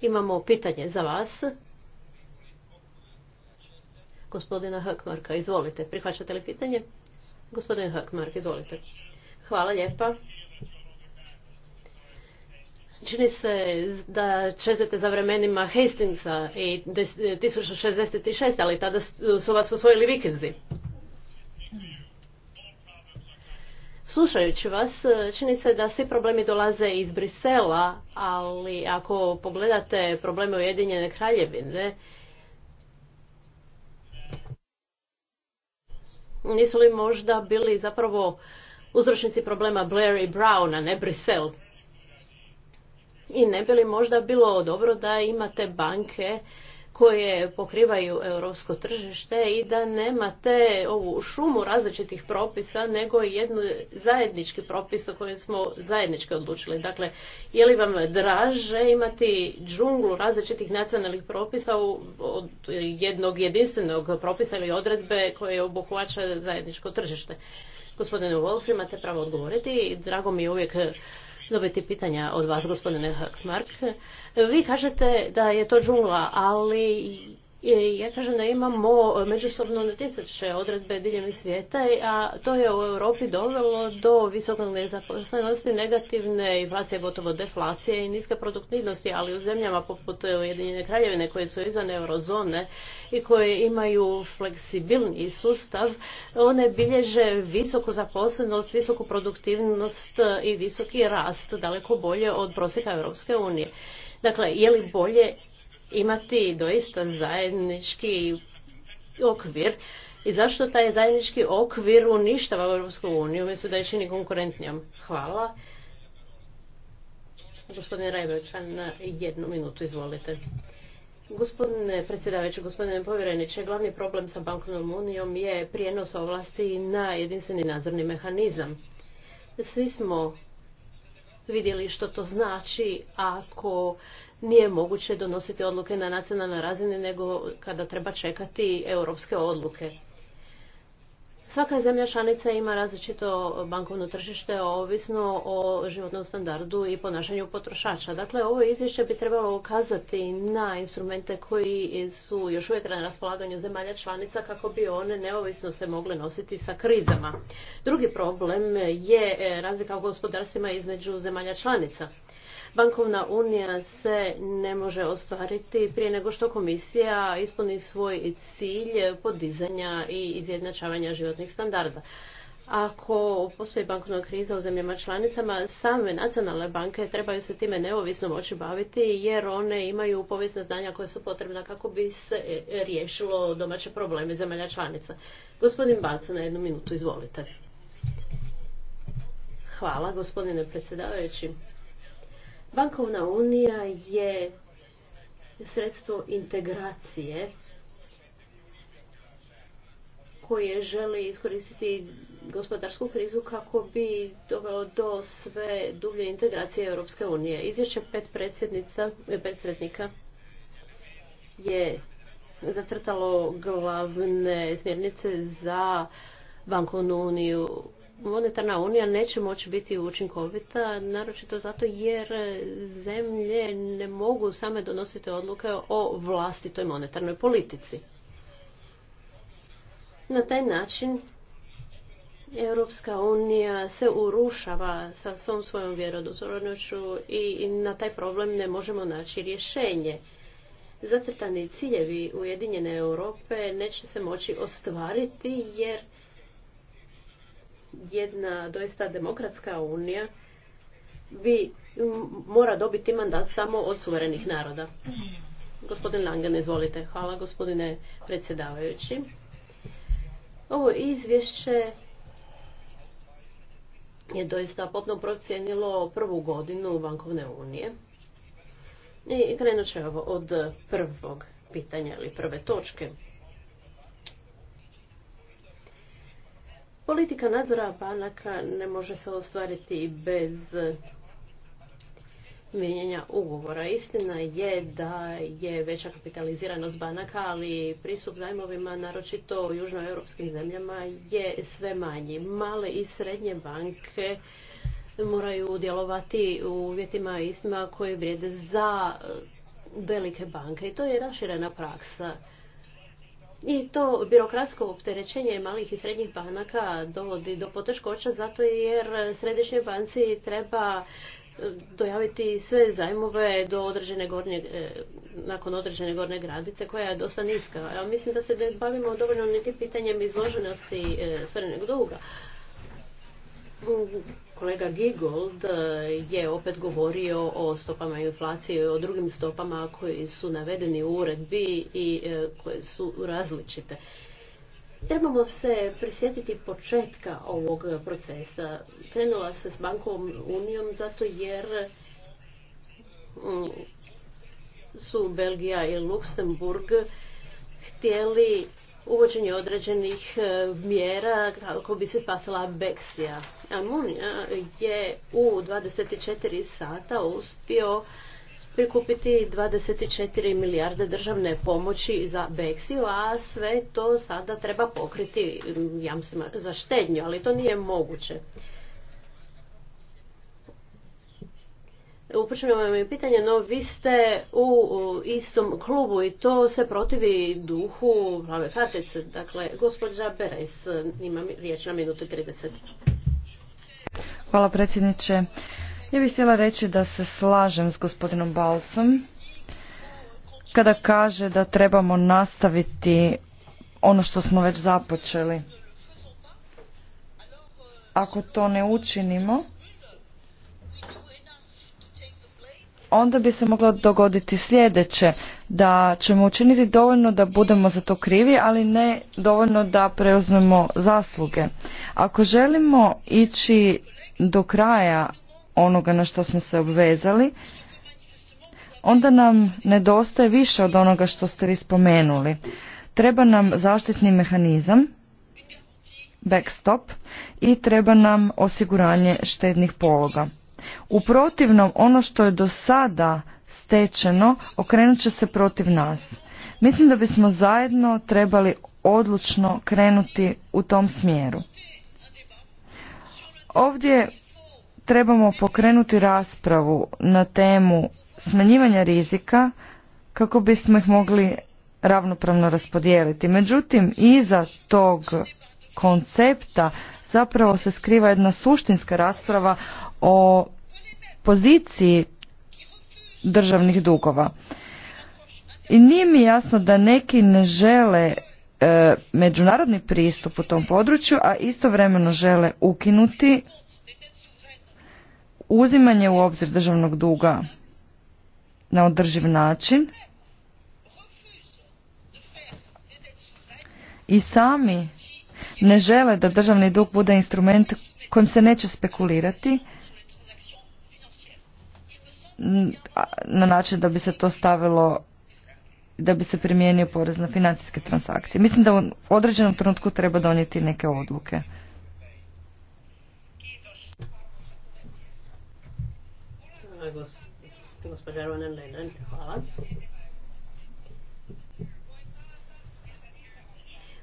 Imamo pitanje za vas. Gospodina Hakmarka, izvolite. Prihvaćate li pitanje? Gospodine Hakmark, izvolite. Hvala lijepa. Čini se da čestite za vremenima Hastingsa i 1066, e, ali tada su vas osvojili vikinzi. Slušajući vas, e, čini se da svi problemi dolaze iz Brisela, ali ako pogledate probleme Ujedinjene kraljevine, nisu li možda bili zapravo uzročnici problema Blair i Brown, a ne Brisel? I ne bi li možda bilo dobro da imate banke koje pokrivaju europsko tržište i da nemate ovu šumu različitih propisa, nego jednu zajednički propis o kojem smo zajednički odlučili. Dakle, je li vam draže imati džunglu različitih nacionalnih propisa od jednog jedinstvenog propisa ili odredbe koje obuhvaća zajedničko tržište? Gospodine Wolf, imate pravo odgovoriti i drago mi je uvijek dobiti pitanja od vas, gospodine Mark. Vi kažete da je to džungla, ali ja kažem da imamo međusobno natjecače odredbe diljem svijeta, a to je u Europi dovelo do visokog nezaposlenosti, negativne inflacije, gotovo deflacije i niske produktivnosti, ali u zemljama poput Ujedinjene kraljevine koje su izvan eurozone i koje imaju fleksibilni sustav, one bilježe visoku zaposlenost, visoku produktivnost i visoki rast, daleko bolje od prosjeka Europske unije. Dakle, je li bolje imati doista zajednički okvir i zašto taj zajednički okvir uništava Europsku uniju umjesto da je čini konkurentnijom. Hvala. Gospodine Rajbek, na jednu minutu, izvolite. Gospodine predsjedavajući, gospodine povjereniče, glavni problem sa bankovnom unijom je prijenos ovlasti na jedinstveni nadzorni mehanizam. Svi smo vidjeli što to znači ako nije moguće donositi odluke na nacionalnoj razini nego kada treba čekati europske odluke. Svaka zemlja članica ima različito bankovno tržište ovisno o životnom standardu i ponašanju potrošača. Dakle, ovo izvješće bi trebalo ukazati na instrumente koji su još uvijek na raspolaganju zemalja članica kako bi one neovisno se mogle nositi sa krizama. Drugi problem je razlika u gospodarstvima između zemalja članica bankovna unija se ne može ostvariti prije nego što komisija ispuni svoj cilj podizanja i izjednačavanja životnih standarda. Ako postoji bankovna kriza u zemljama članicama, same nacionalne banke trebaju se time neovisno moći baviti jer one imaju povijesna znanja koja su potrebna kako bi se riješilo domaće probleme zemalja članica. Gospodin Bacu, na jednu minutu, izvolite. Hvala, gospodine predsjedavajući. Bankovna unija je sredstvo integracije koje želi iskoristiti gospodarsku krizu kako bi dovelo do sve dublje integracije Europske unije. Izvješće pet predsjednica, eh, predsjednika je zacrtalo glavne smjernice za bankovnu uniju monetarna unija neće moći biti učinkovita, naročito zato jer zemlje ne mogu same donositi odluke o vlastitoj monetarnoj politici. Na taj način Europska unija se urušava sa svom svojom vjerodostojnošću i na taj problem ne možemo naći rješenje. Zacrtani ciljevi Ujedinjene Europe neće se moći ostvariti jer jedna doista demokratska unija bi mora dobiti mandat samo od suverenih naroda. Gospodin Langen, izvolite. Hvala gospodine predsjedavajući. Ovo izvješće je doista popno procijenilo prvu godinu bankovne unije. I krenut ću od prvog pitanja ili prve točke. Politika nadzora banaka ne može se ostvariti bez mijenjanja ugovora. Istina je da je veća kapitaliziranost banaka, ali pristup zajmovima, naročito u južnoeuropskim zemljama, je sve manji. Male i srednje banke moraju djelovati u uvjetima istima koje vrijede za velike banke i to je raširena praksa. I to birokratsko opterećenje malih i srednjih banaka dovodi do poteškoća zato jer središnje banci treba e, dojaviti sve zajmove do određene gornje, e, nakon određene gornje gradice koja je dosta niska. mislim da se ne bavimo dovoljno niti pitanjem izloženosti e, stvorenog duga Kolega Giegold e, je opet govorio o stopama inflacije i o drugim stopama koji su navedeni u uredbi i e, koje su različite. Trebamo se prisjetiti početka ovog procesa. Krenula se s Bankovom unijom zato jer mm, su Belgija i Luksemburg htjeli uvođenje određenih e, mjera kako bi se spasila Beksija. Amunija je u 24 sata uspio prikupiti 24 milijarde državne pomoći za Beksiju, a sve to sada treba pokriti jamstvima za štednju, ali to nije moguće. upućujem vam je pitanje, no vi ste u istom klubu i to se protivi duhu plave kartice. Dakle, gospođa Beres ima riječ na minutu 30. Hvala predsjedniče. Ja bih htjela reći da se slažem s gospodinom Balcom kada kaže da trebamo nastaviti ono što smo već započeli. Ako to ne učinimo, onda bi se moglo dogoditi sljedeće, da ćemo učiniti dovoljno da budemo za to krivi, ali ne dovoljno da preuzmemo zasluge. Ako želimo ići do kraja onoga na što smo se obvezali, onda nam nedostaje više od onoga što ste vi spomenuli. Treba nam zaštitni mehanizam, backstop, i treba nam osiguranje štednih pologa. U protivnom ono što je do sada stečeno okrenut će se protiv nas. Mislim da bismo zajedno trebali odlučno krenuti u tom smjeru. Ovdje trebamo pokrenuti raspravu na temu smanjivanja rizika kako bismo ih mogli ravnopravno raspodijeliti. Međutim, iza tog koncepta zapravo se skriva jedna suštinska rasprava o poziciji državnih dugova. I nije mi jasno da neki ne žele e, međunarodni pristup u tom području, a istovremeno žele ukinuti uzimanje u obzir državnog duga na održiv način i sami ne žele da državni dug bude instrument kojim se neće spekulirati na način da bi se to stavilo da bi se primijenio porez na financijske transakcije. Mislim da u određenom trenutku treba donijeti neke odluke.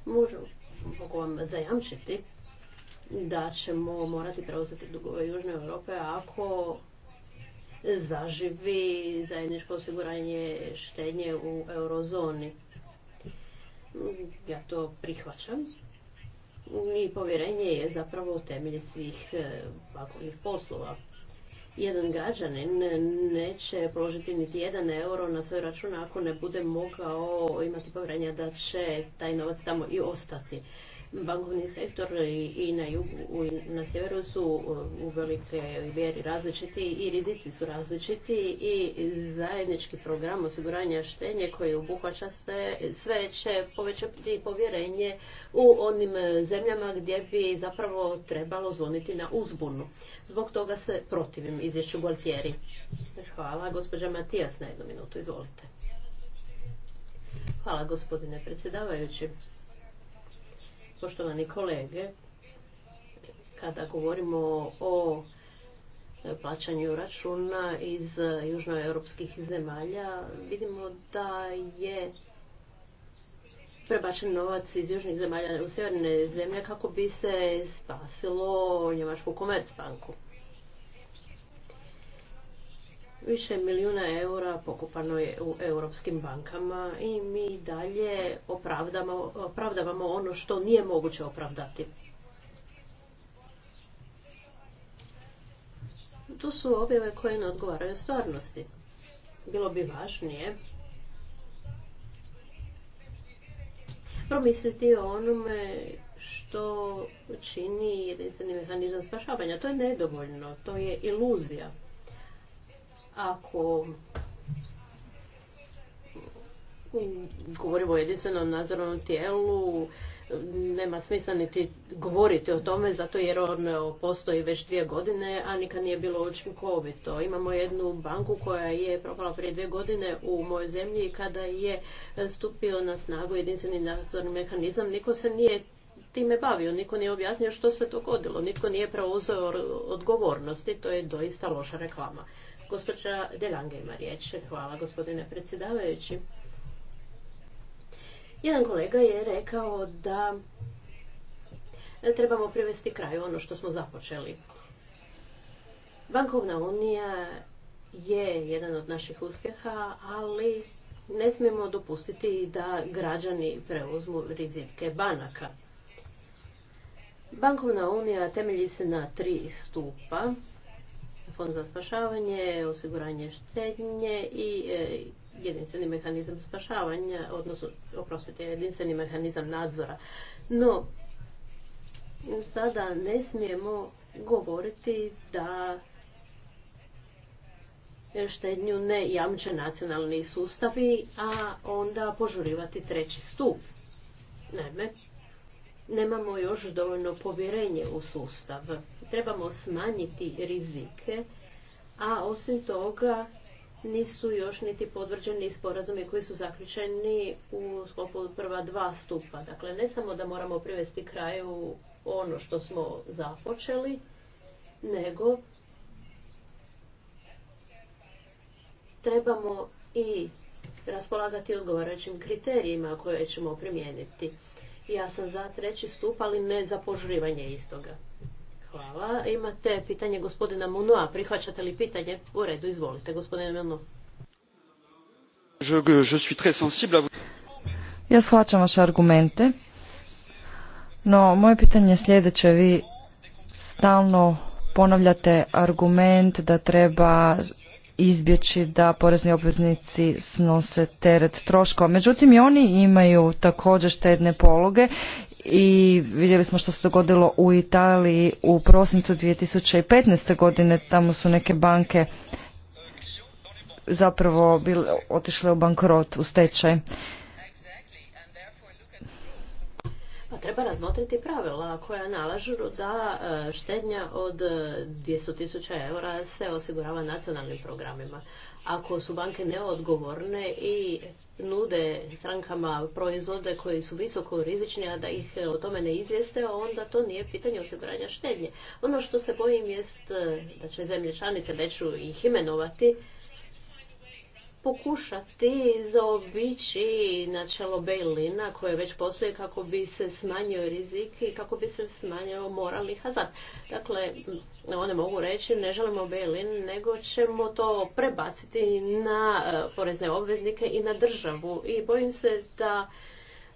Možu, mogu vam zajamčiti da ćemo morati preuzeti dugove Južne Europe ako zaživi zajedničko osiguranje štednje u eurozoni. Ja to prihvaćam. I povjerenje je zapravo temelj svih e, ovakvih poslova. Jedan građanin neće položiti niti jedan euro na svoj račun ako ne bude mogao imati povjerenja da će taj novac tamo i ostati bankovni sektor i na jugu i na sjeveru su u velike vjeri različiti i rizici su različiti i zajednički program osiguranja štenje koji obuhvaća se sve će povećati povjerenje u onim zemljama gdje bi zapravo trebalo zvoniti na uzbunu. Zbog toga se protivim izvješću Gualtieri. Hvala. Gospođa Matijas na jednu minutu. Izvolite. Hvala gospodine predsjedavajući poštovani kolege, kada govorimo o plaćanju računa iz južnoeuropskih zemalja, vidimo da je prebačen novac iz južnih zemalja u sjeverne zemlje kako bi se spasilo njemačku banku. Više milijuna eura pokupano je u europskim bankama i mi dalje opravdavamo ono što nije moguće opravdati. To su objave koje ne odgovaraju stvarnosti. Bilo bi važnije promisliti o onome što čini jedinstveni mehanizam spašavanja. To je nedovoljno, to je iluzija. Ako govorimo o jedinstvenom nadzornom tijelu, nema smisla niti govoriti o tome, zato jer on e, postoji već dvije godine, a nikad nije bilo učinkovito. Imamo jednu banku koja je propala prije dvije godine u mojoj zemlji kada je stupio na snagu jedinstveni nadzorni mehanizam. Niko se nije time bavio, niko nije objasnio što se dogodilo, niko nije preuzeo odgovornosti, to je doista loša reklama. Gospođa Delange ima riječ. Hvala gospodine predsjedavajući. Jedan kolega je rekao da trebamo privesti kraju ono što smo započeli. Bankovna unija je jedan od naših uspjeha, ali ne smijemo dopustiti da građani preuzmu rizike banaka. Bankovna unija temelji se na tri stupa fond za spašavanje, osiguranje štednje i e, jedinstveni mehanizam spašavanja, odnosno, oprostite, jedinstveni mehanizam nadzora. No, sada ne smijemo govoriti da štednju ne jamče nacionalni sustavi, a onda požurivati treći stup. Naime, nemamo još dovoljno povjerenje u sustav. Trebamo smanjiti rizike, a osim toga nisu još niti podvrđeni sporazumi koji su zaključeni u sklopu prva dva stupa. Dakle, ne samo da moramo privesti kraju ono što smo započeli, nego trebamo i raspolagati odgovarajućim kriterijima koje ćemo primijeniti. Ja sam za treći stup, ali ne za požrivanje istoga. Hvala. Imate pitanje gospodina Munoa. Prihvaćate li pitanje? U redu, izvolite, gospodine Munoa. Ja shvaćam vaše argumente, no moje pitanje je sljedeće. Vi stalno ponavljate argument da treba izbjeći da porezni obveznici snose teret troškova. Međutim i oni imaju također štedne pologe i vidjeli smo što se dogodilo u Italiji u prosincu 2015. godine. Tamo su neke banke zapravo bile, otišle u bankrot, u stečaj. treba razmotriti pravila koja nalažu da e, štednja od 200.000 e, eura se osigurava nacionalnim programima. Ako su banke neodgovorne i nude strankama proizvode koji su visoko rizični, a da ih o tome ne izvijeste, onda to nije pitanje osiguranja štednje. Ono što se bojim jest e, da će zemlje članice, neću ih imenovati, pokušati zaobići načelo bailina koje već postoje kako bi se smanjio rizik i kako bi se smanjio moralni hazard. Dakle, one mogu reći ne želimo bailin, nego ćemo to prebaciti na e, porezne obveznike i na državu. I bojim se da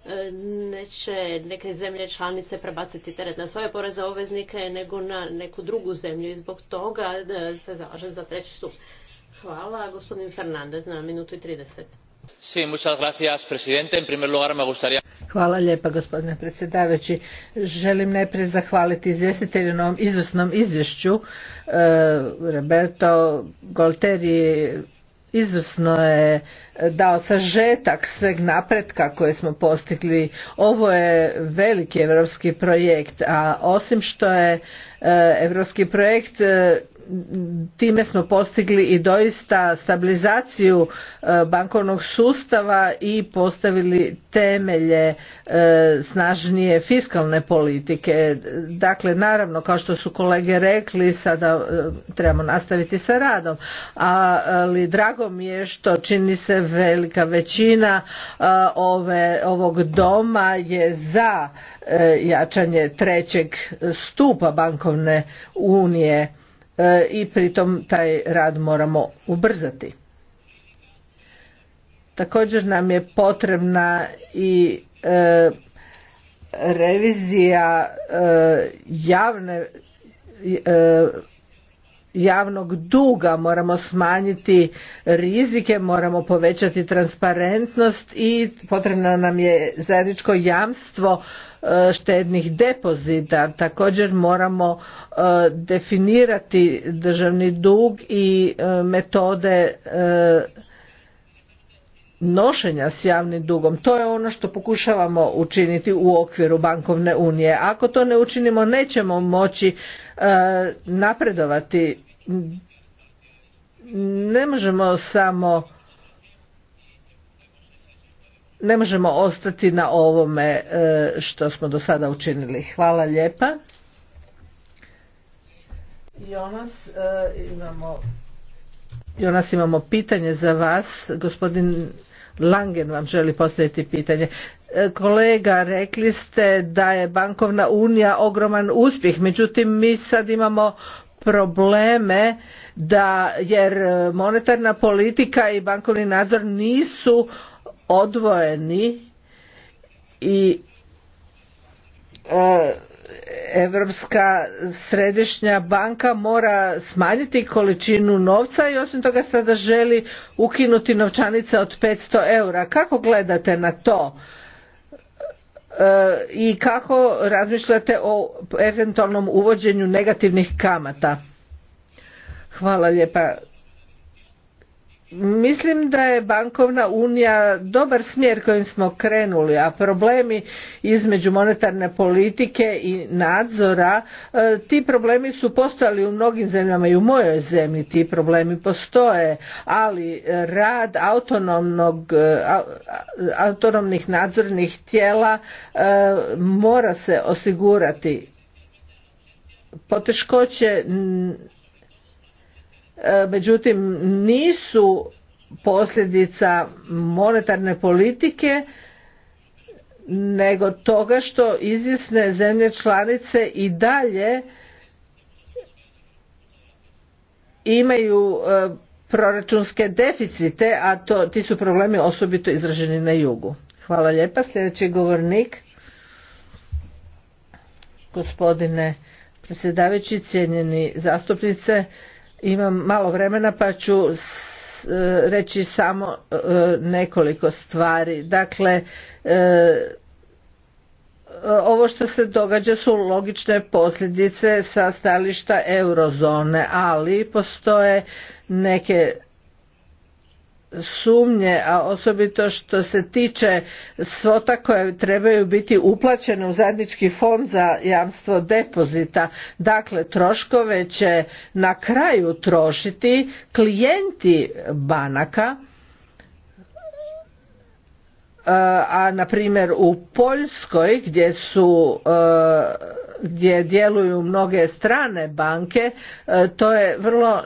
e, neće neke zemlje članice prebaciti teret na svoje poreze obveznike nego na neku drugu zemlju i zbog toga e, se zalažem za treći stup. Hvala, gospodin Fernandez, na minutu i 30. Hvala gospodine predsjedavajući. Želim najprije zahvaliti izvjestitelju na ovom izvrsnom izvješću. E, Roberto Golteri izvrsno je dao sažetak sveg napretka koje smo postigli. Ovo je veliki europski projekt, a osim što je europski projekt e, time smo postigli i doista stabilizaciju e, bankovnog sustava i postavili temelje e, snažnije fiskalne politike. Dakle, naravno, kao što su kolege rekli, sada e, trebamo nastaviti sa radom, ali drago mi je što čini se velika većina ove, ovog doma je za jačanje trećeg stupa bankovne unije E, i pritom taj rad moramo ubrzati. Također nam je potrebna i e, revizija e, javne javnog duga, moramo smanjiti rizike, moramo povećati transparentnost i potrebno nam je zajedničko jamstvo e, štednih depozita. Također moramo e, definirati državni dug i e, metode nošenja s javnim dugom. To je ono što pokušavamo učiniti u okviru bankovne unije. Ako to ne učinimo, nećemo moći napredovati. Ne možemo samo ne možemo ostati na ovome e, što smo do sada učinili. Hvala lijepa. Jonas, e, imamo, Jonas, imamo pitanje za vas. Gospodin Langen vam želi postaviti pitanje. E, kolega rekli ste da je bankovna unija ogroman uspjeh međutim mi sad imamo probleme da jer e, monetarna politika i bankovni nadzor nisu odvojeni i Europska središnja banka mora smanjiti količinu novca i osim toga sada želi ukinuti novčanice od 500 eura. Kako gledate na to? E, i kako razmišljate o eventualnom uvođenju negativnih kamata? Hvala lijepa Mislim da je bankovna unija dobar smjer kojim smo krenuli, a problemi između monetarne politike i nadzora, e, ti problemi su postojali u mnogim zemljama i u mojoj zemlji ti problemi postoje, ali rad e, autonomnih nadzornih tijela e, mora se osigurati. Poteškoće E, međutim nisu posljedica monetarne politike nego toga što izvjesne zemlje članice i dalje imaju e, proračunske deficite, a to, ti su problemi osobito izraženi na jugu. Hvala lijepa. Sljedeći govornik, gospodine predsjedavajući, cijenjeni zastupnice, imam malo vremena pa ću e, reći samo e, nekoliko stvari. Dakle, e, ovo što se događa su logične posljedice sa stajališta eurozone, ali postoje neke sumnje, a osobito što se tiče svota koje trebaju biti uplaćene u zajednički fond za jamstvo depozita. Dakle, troškove će na kraju trošiti klijenti banaka, a na primjer u Poljskoj gdje su e, gdje djeluju mnoge strane banke e, to je vrlo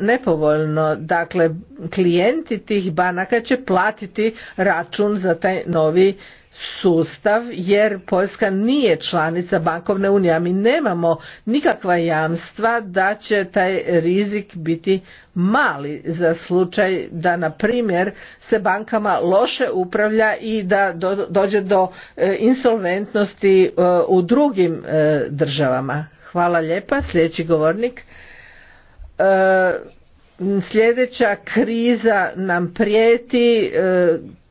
nepovoljno dakle klijenti tih banaka će platiti račun za taj novi sustav jer Poljska nije članica bankovne unije, a mi nemamo nikakva jamstva da će taj rizik biti mali za slučaj da na primjer se bankama loše upravlja i da dođe do e, insolventnosti e, u drugim e, državama. Hvala lijepa, sljedeći govornik. Sljedeća kriza nam prijeti,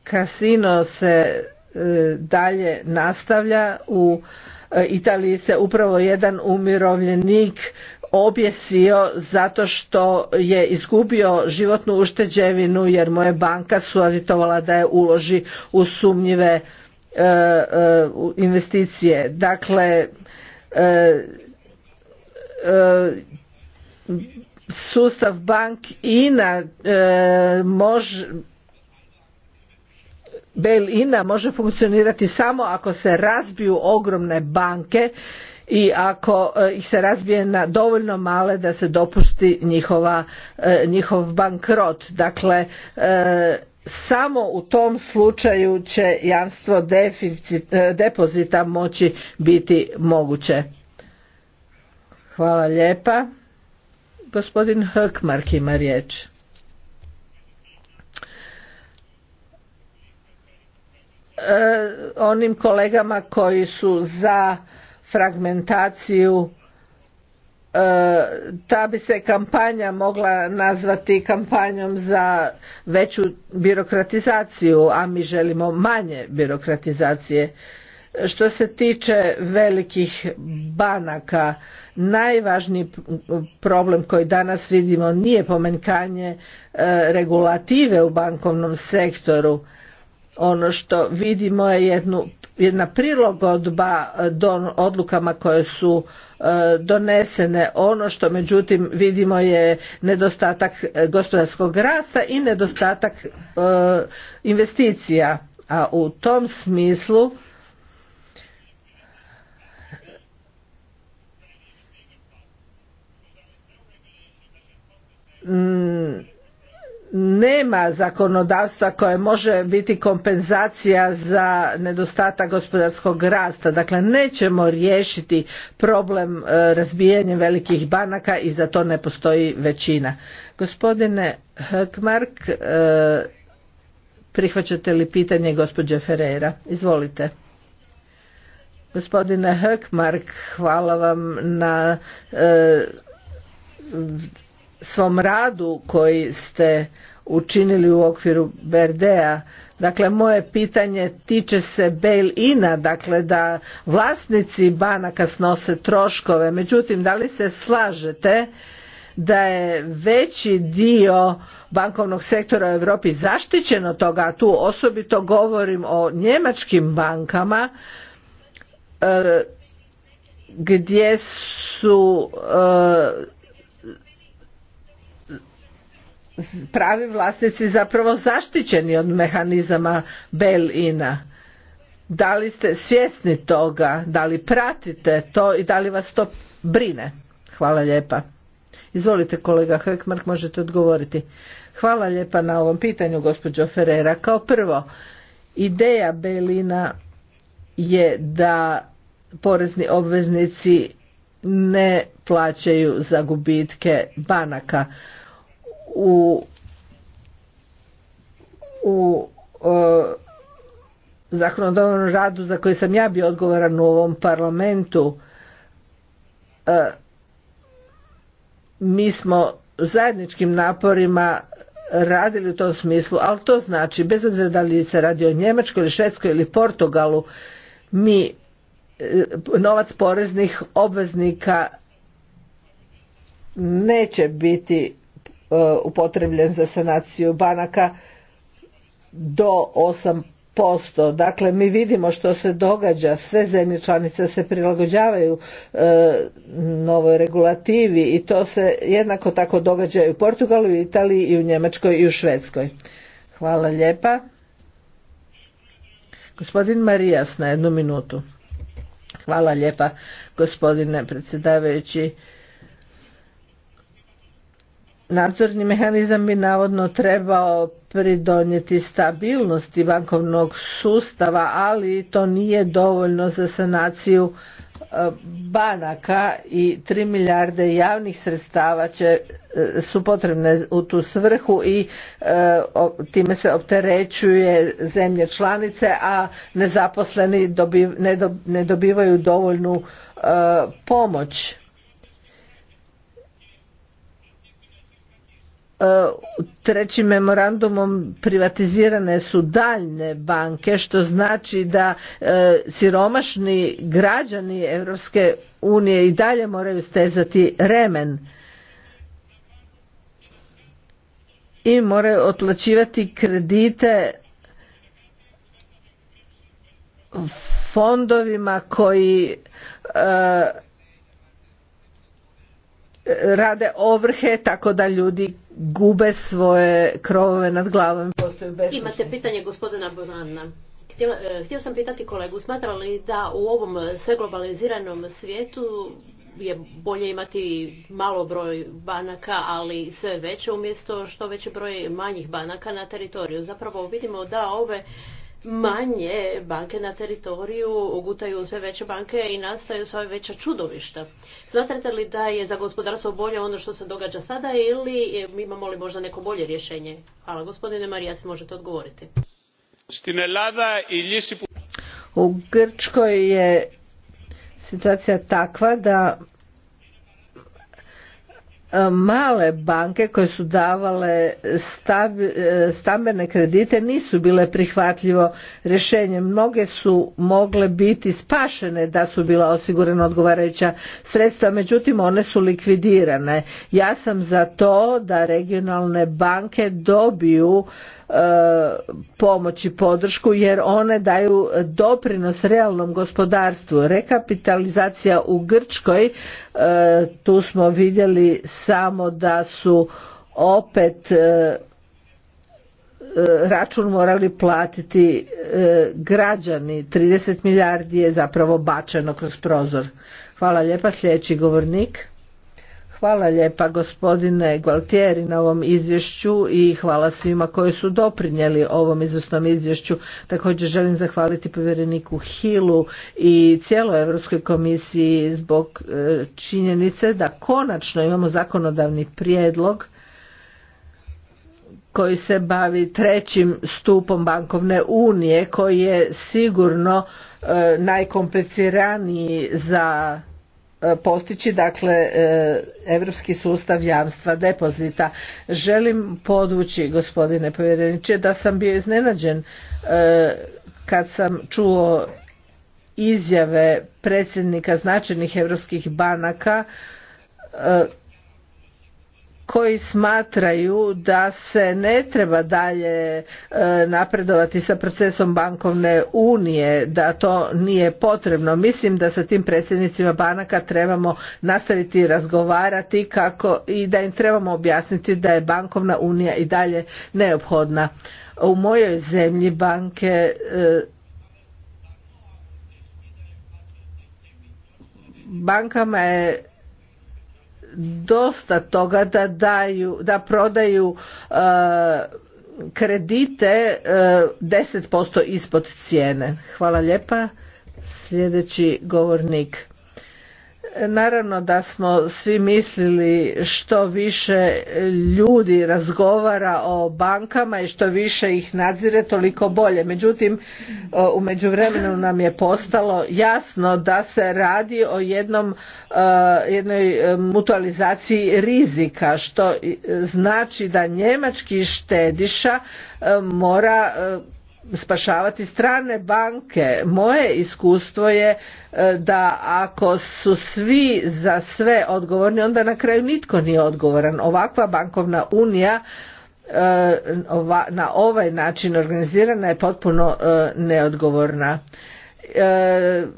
kasino se E, dalje nastavlja. U e, Italiji se upravo jedan umirovljenik objesio zato što je izgubio životnu ušteđevinu jer mu je banka suavitovala da je uloži u sumnjive e, investicije. Dakle, sustav bank INA može bail-ina može funkcionirati samo ako se razbiju ogromne banke i ako e, ih se razbije na dovoljno male da se dopusti njihova, e, njihov bankrot. Dakle, e, samo u tom slučaju će jamstvo deficit, depozita moći biti moguće. Hvala lijepa. Gospodin Hökmark ima riječ. Eh, onim kolegama koji su za fragmentaciju eh, ta bi se kampanja mogla nazvati kampanjom za veću birokratizaciju, a mi želimo manje birokratizacije. Što se tiče velikih banaka, najvažniji problem koji danas vidimo nije pomenkanje eh, regulative u bankovnom sektoru, ono što vidimo je jednu, jedna prilagodba e, don, odlukama koje su e, donesene ono što međutim vidimo je nedostatak e, gospodarskog rasta i nedostatak investicija a u tom smislu mm, nema zakonodavstva koje može biti kompenzacija za nedostatak gospodarskog rasta. Dakle, nećemo riješiti problem e, razbijanja velikih banaka i za to ne postoji većina. Gospodine Hökmark, e, prihvaćate li pitanje gospođe Ferreira? Izvolite. Gospodine Hökmark, hvala vam na e, svom radu koji ste učinili u okviru Berdea. Dakle, moje pitanje tiče se bail-ina, dakle da vlasnici banaka snose troškove. Međutim, da li se slažete da je veći dio bankovnog sektora u Europi zaštićen od toga, a tu osobito govorim o njemačkim bankama, e, gdje su e, pravi vlasnici zapravo zaštićeni od mehanizama bail-ina. Da li ste svjesni toga, da li pratite to i da li vas to brine? Hvala lijepa. Izvolite kolega Hekmark možete odgovoriti. Hvala lijepa na ovom pitanju gospođo Ferrera. Kao prvo, ideja Belina je da porezni obveznici ne plaćaju za gubitke banaka u, u e, zakonodavnom radu za koji sam ja bio odgovoran u ovom parlamentu e, mi smo zajedničkim naporima radili u tom smislu ali to znači bez obzira da li se radi o Njemačkoj ili Švedskoj ili Portugalu mi e, novac poreznih obveznika neće biti Uh, upotrebljen za sanaciju banaka do 8%. Dakle, mi vidimo što se događa, sve zemlje članice se prilagođavaju uh, novoj regulativi i to se jednako tako događa i u Portugalu, i u Italiji, i u Njemačkoj, i u Švedskoj. Hvala lijepa. Gospodin Marijas na jednu minutu. Hvala lijepa gospodine predsjedavajući. Nadzorni mehanizam bi navodno trebao pridonijeti stabilnosti bankovnog sustava, ali to nije dovoljno za sanaciju e, banaka i 3 milijarde javnih sredstava će, e, su potrebne u tu svrhu i e, time se opterećuje zemlje članice, a nezaposleni ne, dobivaju dovoljnu pomoć. trećim memorandumom privatizirane su daljne banke što znači da e, siromašni građani Europske unije i dalje moraju stezati remen i moraju otlačivati kredite fondovima koji e, rade ovrhe tako da ljudi gube svoje krovove nad glavom. Imate pitanje gospodina Bonanna. Htio, e, htio sam pitati kolegu, smatra li da u ovom sve globaliziranom svijetu je bolje imati malo broj banaka, ali sve veće umjesto što veći broj manjih banaka na teritoriju. Zapravo vidimo da ove manje banke na teritoriju ugutaju sve veće banke i nastaju sve veća čudovišta. Smatrate li da je za gospodarstvo bolje ono što se događa sada ili imamo li možda neko bolje rješenje? Hvala gospodine Marija, možete odgovoriti. U Grčkoj je situacija takva da E, male banke koje su davale e, stambene kredite nisu bile prihvatljivo rješenje. Mnoge su mogle biti spašene da su bila osigurana odgovarajuća sredstva, međutim one su likvidirane. Ja sam za to da regionalne banke dobiju E, pomoć i podršku jer one daju doprinos realnom gospodarstvu. Rekapitalizacija u Grčkoj, e, tu smo vidjeli samo da su opet e, račun morali platiti građani. 30 milijardi je zapravo bačeno kroz prozor. Hvala lijepa, sljedeći govornik. Hvala lijepa gospodine Gualtieri na ovom izvješću i hvala svima koji su doprinijeli ovom izvrsnom izvješću. Također želim zahvaliti povjereniku Hilu i cijeloj Europskoj komisiji zbog e, činjenice da konačno imamo zakonodavni prijedlog koji se bavi trećim stupom bankovne unije koji je sigurno e, najkompliciraniji za E, postići dakle europski sustav jamstva depozita. Želim podvući gospodine povjereniče da sam bio iznenađen e, kad sam čuo izjave predsjednika značajnih europskih banaka e, koji smatraju da se ne treba dalje e, napredovati sa procesom bankovne unije, da to nije potrebno. Mislim da sa tim predsjednicima banaka trebamo nastaviti razgovarati kako i da im trebamo objasniti da je bankovna unija i dalje neophodna. U mojoj zemlji banke e, bankama je dosta toga da daju da prodaju e, kredite e, deset 10% ispod cijene. Hvala lijepa. Sljedeći govornik Naravno da smo svi mislili što više ljudi razgovara o bankama i što više ih nadzire toliko bolje. Međutim, u međuvremenu nam je postalo jasno da se radi o jednom, e, jednoj e, mutualizaciji rizika što znači da njemački štediša e, mora spašavati strane banke. Moje iskustvo je e, da ako su svi za sve odgovorni, onda na kraju nitko nije odgovoran. Ovakva bankovna unija e, na ovaj način organizirana je potpuno e, neodgovorna.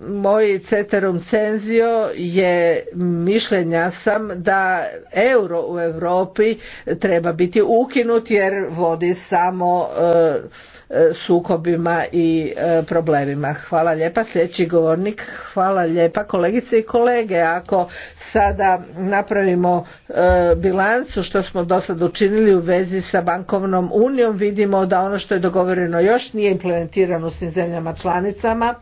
Moj ceterum cenzio je mišljenja sam da euro u Europi treba biti ukinut jer vodi samo E, sukobima i e, problemima. Hvala lijepa. Sljedeći govornik, hvala lijepa kolegice i kolege. Ako sada napravimo e, bilancu što smo do sada učinili u vezi sa bankovnom unijom, vidimo da ono što je dogovoreno još nije implementirano u svim zemljama članicama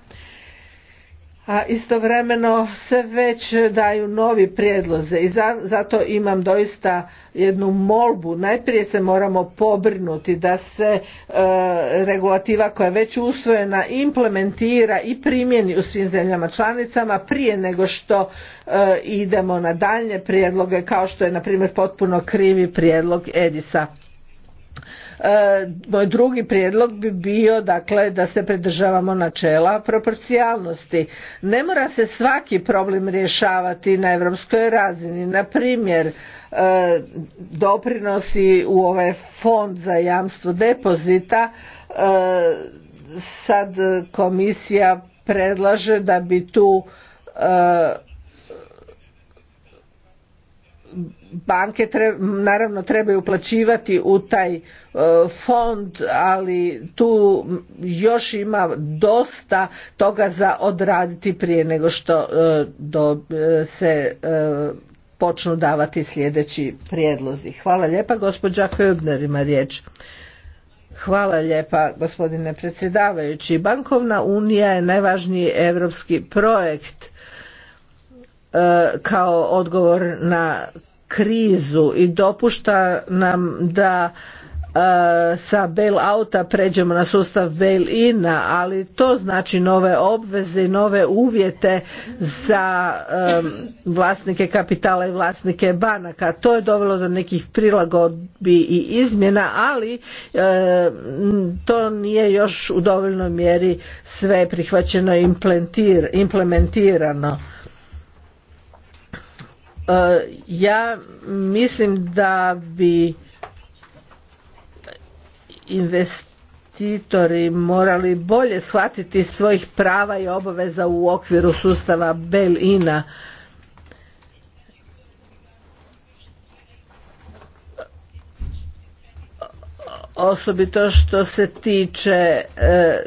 a istovremeno se već daju novi prijedloze i zato imam doista jednu molbu najprije se moramo pobrinuti da se e, regulativa koja je već usvojena implementira i primjeni u svim zemljama članicama prije nego što e, idemo na daljnje prijedloge kao što je na primjer potpuno krivi prijedlog edisa E, moj drugi prijedlog bi bio dakle da se pridržavamo načela proporcijalnosti. Ne mora se svaki problem rješavati na europskoj razini. Na primjer, e, doprinosi u ovaj fond za jamstvo depozita e, sad komisija predlaže da bi tu banke naravno trebaju uplaćivati u taj e, fond ali tu još ima dosta toga za odraditi prije nego što e, do, e, se počnu davati sljedeći prijedlozi. Hvala lijepa gospođa Höbner ima riječ. Hvala lijepa gospodine predsjedavajući. Bankovna unija je najvažniji europski projekt E, kao odgovor na krizu i dopušta nam da e, sa bail-outa pređemo na sustav bail-ina, ali to znači nove obveze i nove uvjete za e, vlasnike kapitala i vlasnike banaka. To je dovelo do nekih prilagodbi i izmjena, ali to nije još u dovoljnoj mjeri sve prihvaćeno i implementirano Eh, ja mislim da bi investitori morali bolje shvatiti svojih prava i obaveza u okviru sustava INA. Osobito što se tiče eh,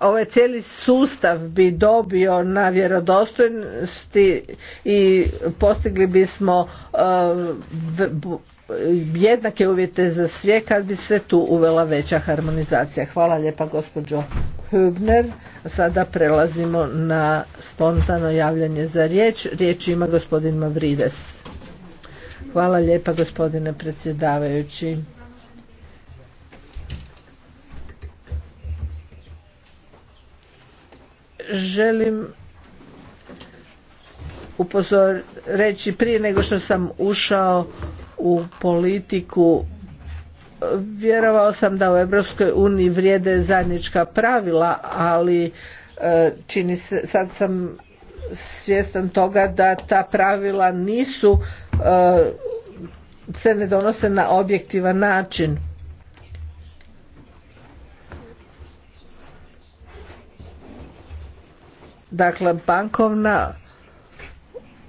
ovaj cijeli sustav bi dobio na vjerodostojnosti i postigli bismo eh, jednake uvjete za sve kad bi se tu uvela veća harmonizacija. Hvala lijepa gospođo Hübner. Sada prelazimo na spontano javljanje za riječ. Riječ ima gospodin Mavrides. Hvala lijepa gospodine predsjedavajući. želim upozor reći prije nego što sam ušao u politiku vjerovao sam da u Europskoj uniji vrijede zajednička pravila, ali e, čini se, sad sam svjestan toga da ta pravila nisu e, se ne donose na objektivan način. Dakle, bankovna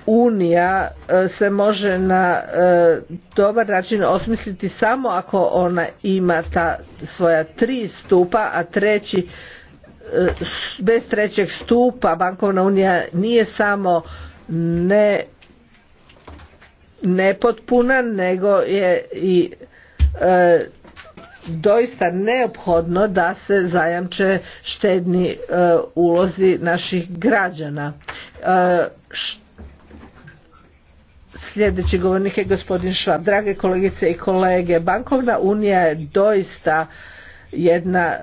unija e, se može na e, dobar način osmisliti samo ako ona ima ta svoja tri stupa, a treći e, bez trećeg stupa bankovna unija nije samo ne nepotpuna nego je i doista neophodno da se zajamče štedni e, ulozi naših građana. E, sljedeći govornik je gospodin Švab. Drage kolegice i kolege, Bankovna unija je doista jedna e,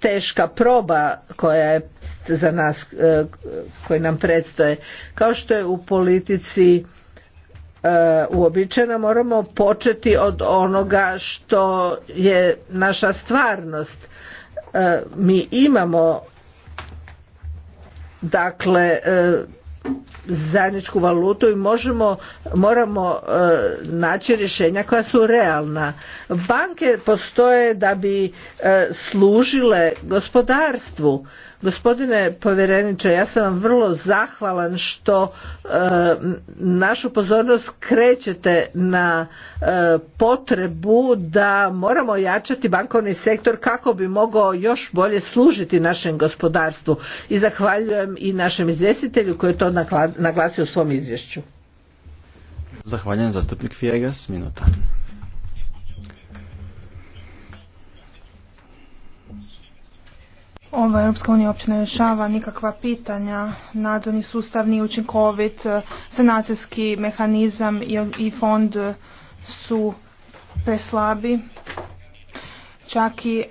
teška proba koja je za nas koji nam predstoje. Kao što je u politici E, uobičajena moramo početi od onoga što je naša stvarnost e, mi imamo dakle e, zajedničku valutu i možemo, moramo naći rješenja koja su realna. Banke postoje da bi služile gospodarstvu. Gospodine povjereniče, ja sam vam vrlo zahvalan što e, našu pozornost krećete na e, potrebu da moramo jačati bankovni sektor kako bi mogao još bolje služiti našem gospodarstvu i zahvaljujem i našem izvjestitelju koji je to naglasio u svom izvješću. Zahvaljujem zastupnik Fijegas, minuta. Ova Europska unija uopće ne rješava nikakva pitanja, nadzorni sustav nije učinkovit, sanacijski mehanizam i fond su preslabi. Čak i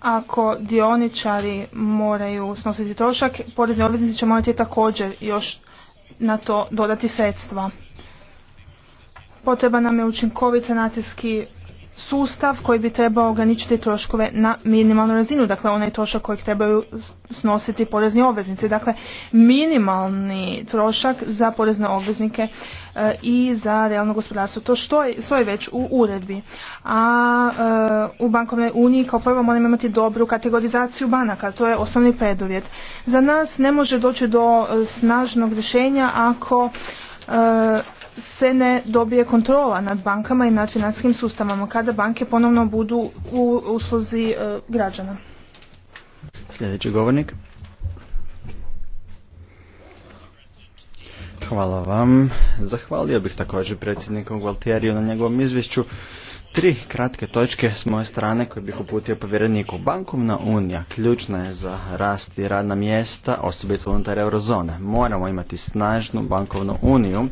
ako dioničari moraju snositi trošak, porezni obveznici će morati također još na to dodati sredstva. Potreba nam je učinkovit sanacijski sustav koji bi trebao ograničiti troškove na minimalnu razinu, dakle onaj trošak kojeg trebaju snositi porezni obveznici. Dakle, minimalni trošak za porezne obveznike eh, i za realno gospodarstvo. To što je, stoji već u uredbi. A eh, u bankovnoj uniji kao prvo moramo imati dobru kategorizaciju banaka, to je osnovni preduvjet. Za nas ne može doći do eh, snažnog rješenja ako se ne dobije kontrola nad bankama i nad financijskim sustavama kada banke ponovno budu u usluzi e, građana. Sljedeći govornik. Hvala vam. Zahvalio bih također predsjedniku Gualtieriju na njegovom izvješću. Tri kratke točke s moje strane koje bih uputio povjereniku. Bankovna unija ključna je za rast i radna mjesta, osobito unutar eurozone. Moramo imati snažnu bankovnu uniju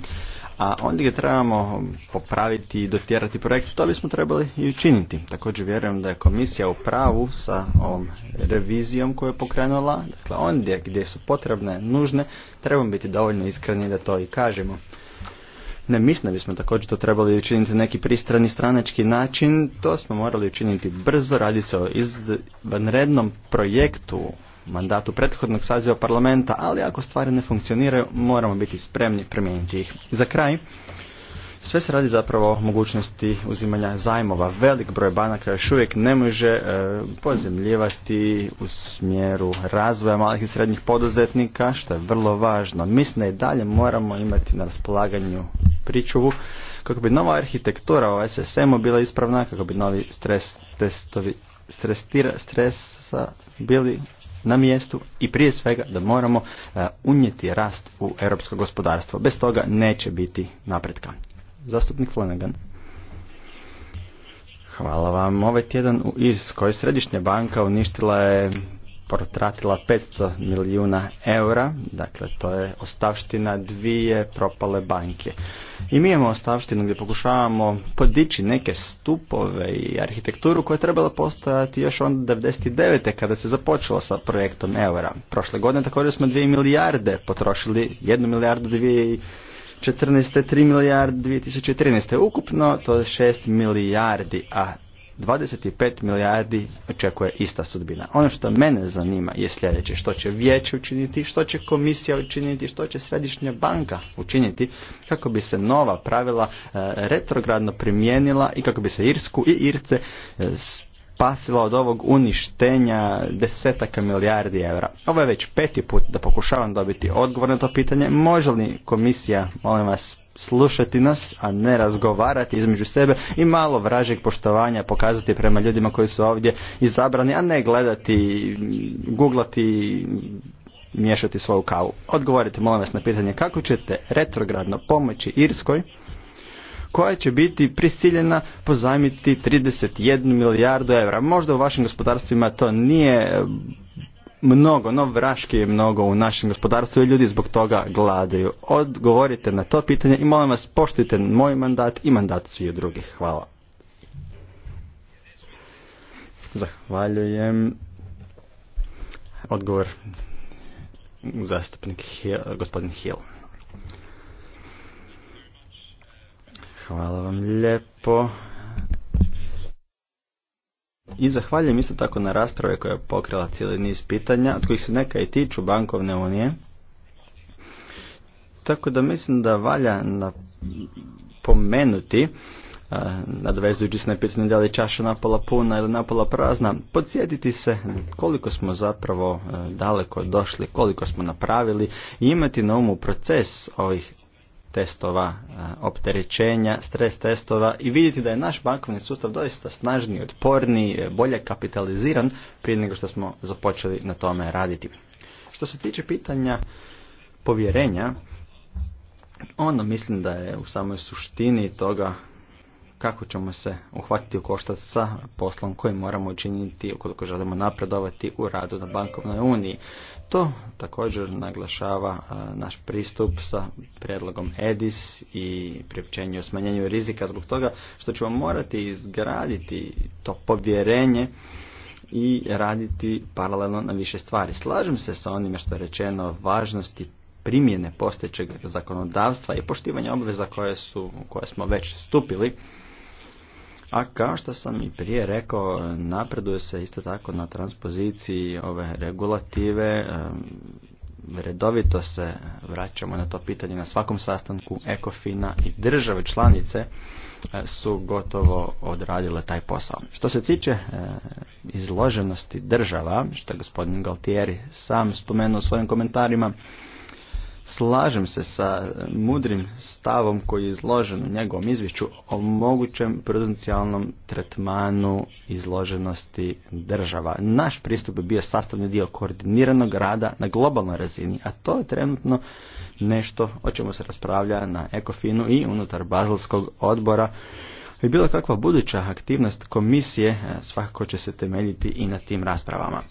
a onda ga trebamo popraviti i dotjerati projekt, to bismo trebali i učiniti. Također vjerujem da je komisija u pravu sa ovom revizijom koju je pokrenula, dakle ondje gdje su potrebne, nužne, trebamo biti dovoljno iskreni da to i kažemo. Ne mislim da bismo također to trebali učiniti na neki pristrani stranački način, to smo morali učiniti brzo, radi se o izvanrednom projektu mandatu prethodnog saziva parlamenta, ali ako stvari ne funkcioniraju, moramo biti spremni promijeniti ih. Za kraj, sve se radi zapravo o mogućnosti uzimanja zajmova. Velik broj banaka još uvijek ne može e, pozemljivati u smjeru razvoja malih i srednjih poduzetnika, što je vrlo važno. Mislim da i dalje moramo imati na raspolaganju pričuvu kako bi nova arhitektura o SSM-u bila ispravna, kako bi novi stres testovi stres, stresa bili na mjestu i prije svega da moramo e, unijeti rast u europsko gospodarstvo. Bez toga neće biti napretka. Zastupnik Flanagan. Hvala vam. Ovaj tjedan u Irskoj središnja banka uništila je protratila 500 milijuna eura, dakle to je ostavština dvije propale banke. I mi imamo ostavštinu gdje pokušavamo podići neke stupove i arhitekturu koja je trebala postojati još onda 99. kada se započelo sa projektom eura. Prošle godine također smo 2 milijarde potrošili, 1 milijardu 2 14. 3 milijarde 2013. Ukupno to je 6 milijardi, a 25 milijardi očekuje ista sudbina. Ono što mene zanima je sljedeće, što će vijeće učiniti, što će komisija učiniti, što će središnja banka učiniti kako bi se nova pravila e, retrogradno primijenila i kako bi se Irsku i Irce e, spasila od ovog uništenja desetaka milijardi eura. Ovo je već peti put da pokušavam dobiti odgovor na to pitanje. Može li komisija, molim vas, slušati nas, a ne razgovarati između sebe i malo vražeg poštovanja pokazati prema ljudima koji su ovdje izabrani, a ne gledati, googlati, miješati svoju kavu. Odgovorite molim vas na pitanje kako ćete retrogradno pomoći Irskoj koja će biti prisiljena pozajmiti 31 milijardu eura. Možda u vašim gospodarstvima to nije e, mnogo, no vraški je mnogo u našem gospodarstvu i ljudi zbog toga gladaju. Odgovorite na to pitanje i molim vas poštujte moj mandat i mandat svih drugih. Hvala. Zahvaljujem. Odgovor zastupnik gospodin Hill. Hvala vam lijepo. I zahvaljujem isto tako na rasprave koja je pokrila cijeli niz pitanja, od kojih se neka i tiču bankovne unije. Tako da mislim da valja pomenuti, nadvezujući se na pitanje da li je čaša napola puna ili napola prazna, podsjetiti se koliko smo zapravo daleko došli, koliko smo napravili i imati na umu proces ovih testova e, opterećenja, stres testova i vidjeti da je naš bankovni sustav doista snažniji, otporniji, e, bolje kapitaliziran prije nego što smo započeli na tome raditi. Što se tiče pitanja povjerenja, ono mislim da je u samoj suštini toga kako ćemo se uhvatiti u koštac sa poslom koji moramo učiniti ukoliko želimo napredovati u radu na bankovnoj uniji. To također naglašava naš pristup sa prijedlogom EDIS i priopćenju o smanjenju rizika zbog toga što ćemo morati izgraditi to povjerenje i raditi paralelno na više stvari. Slažem se sa onime što je rečeno o važnosti primjene postojećeg zakonodavstva i poštivanja obveza koje, su, koje smo već stupili a kao što sam i prije rekao, napreduje se isto tako na transpoziciji ove regulative. Redovito se vraćamo na to pitanje na svakom sastanku ECOFINA i države članice e, su gotovo odradile taj posao. Što se tiče e, izloženosti država, što je gospodin Galtieri sam spomenuo u svojim komentarima, slažem se sa mudrim stavom koji je izložen u njegovom izvješću o mogućem prudencijalnom tretmanu izloženosti država. Naš pristup je bio sastavni dio koordiniranog rada na globalnoj razini, a to je trenutno nešto o čemu se raspravlja na Ekofinu i unutar Bazelskog odbora. I bilo kakva buduća aktivnost komisije eh, svakako će se temeljiti i na tim raspravama.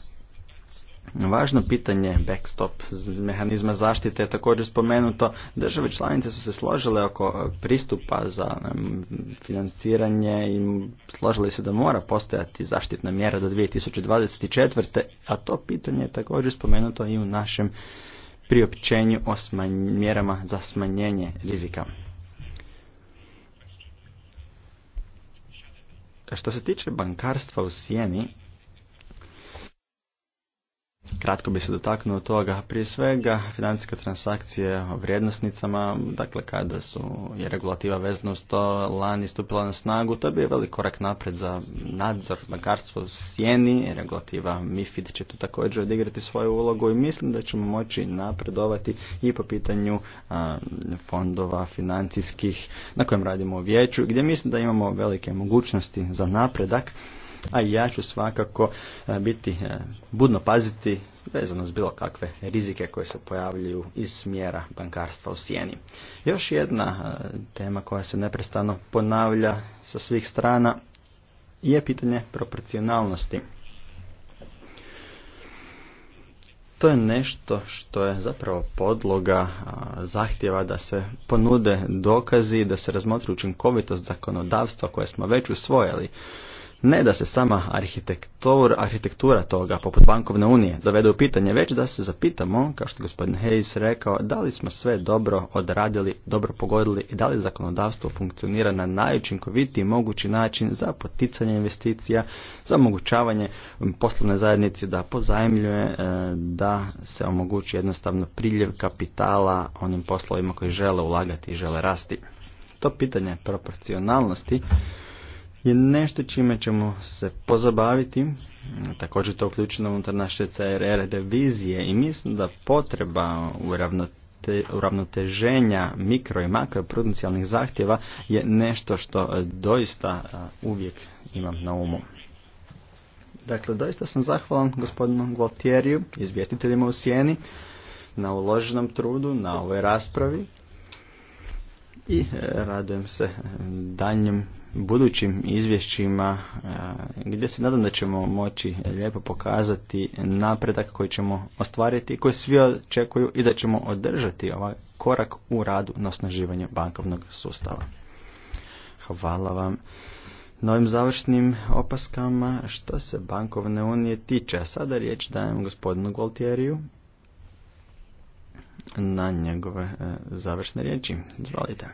Važno pitanje backstop mehanizma zaštite je također spomenuto. Države članice su se složile oko e, pristupa za financiranje i složile se da mora postojati zaštitna mjera do 2024. A to pitanje je također spomenuto i u našem priopćenju o mjerama za smanjenje rizika. Što se tiče bankarstva u Sijeni, Kratko bi se dotaknuo toga. Prije svega, financijske transakcije o vrijednosnicama, dakle kada su je regulativa vezana uz to lani stupila na snagu, to bi je velik korak napred za nadzor bankarstvo sjeni, regulativa MIFID će tu također odigrati svoju ulogu i mislim da ćemo moći napredovati i po pitanju fondova financijskih na kojem radimo u vijeću, gdje mislim da imamo velike mogućnosti za napredak a ja ću svakako e, biti e, budno paziti vezano s bilo kakve rizike koje se pojavljuju iz smjera bankarstva u sjeni. Još jedna e, tema koja se neprestano ponavlja sa svih strana je pitanje proporcionalnosti. To je nešto što je zapravo podloga zahtjeva da se ponude dokazi, da se razmotri učinkovitost zakonodavstva koje smo već usvojili ne da se sama arhitektur, arhitektura toga, poput bankovne unije, dovede u pitanje, već da se zapitamo, kao što je gospodin Hayes rekao, da li smo sve dobro odradili, dobro pogodili i da li zakonodavstvo funkcionira na najučinkovitiji mogući način za poticanje investicija, za omogućavanje poslovne zajednici da pozajmljuje, e, da se omogući jednostavno priljev kapitala onim poslovima koji žele ulagati i žele rasti. To pitanje proporcionalnosti je nešto čime ćemo se pozabaviti, također to uključeno unutar naše CRR revizije i mislim da potreba uravnoteženja mikro i makro prudencijalnih zahtjeva je nešto što e, doista e, uvijek imam na umu. Dakle, doista sam zahvalan gospodinu Gualtieriju, izvjestiteljima u Sijeni, na uloženom trudu, na ovoj raspravi i e, radujem se danjem budućim izvješćima e, gdje se nadam da ćemo moći lijepo pokazati napredak koji ćemo ostvariti i koji svi očekuju i da ćemo održati ovaj korak u radu na osnaživanju bankovnog sustava. Hvala vam novim završnim opaskama što se bankovne unije tiče. sada riječ dajem gospodinu Gualtieriju na njegove e, završne riječi. Zvalite.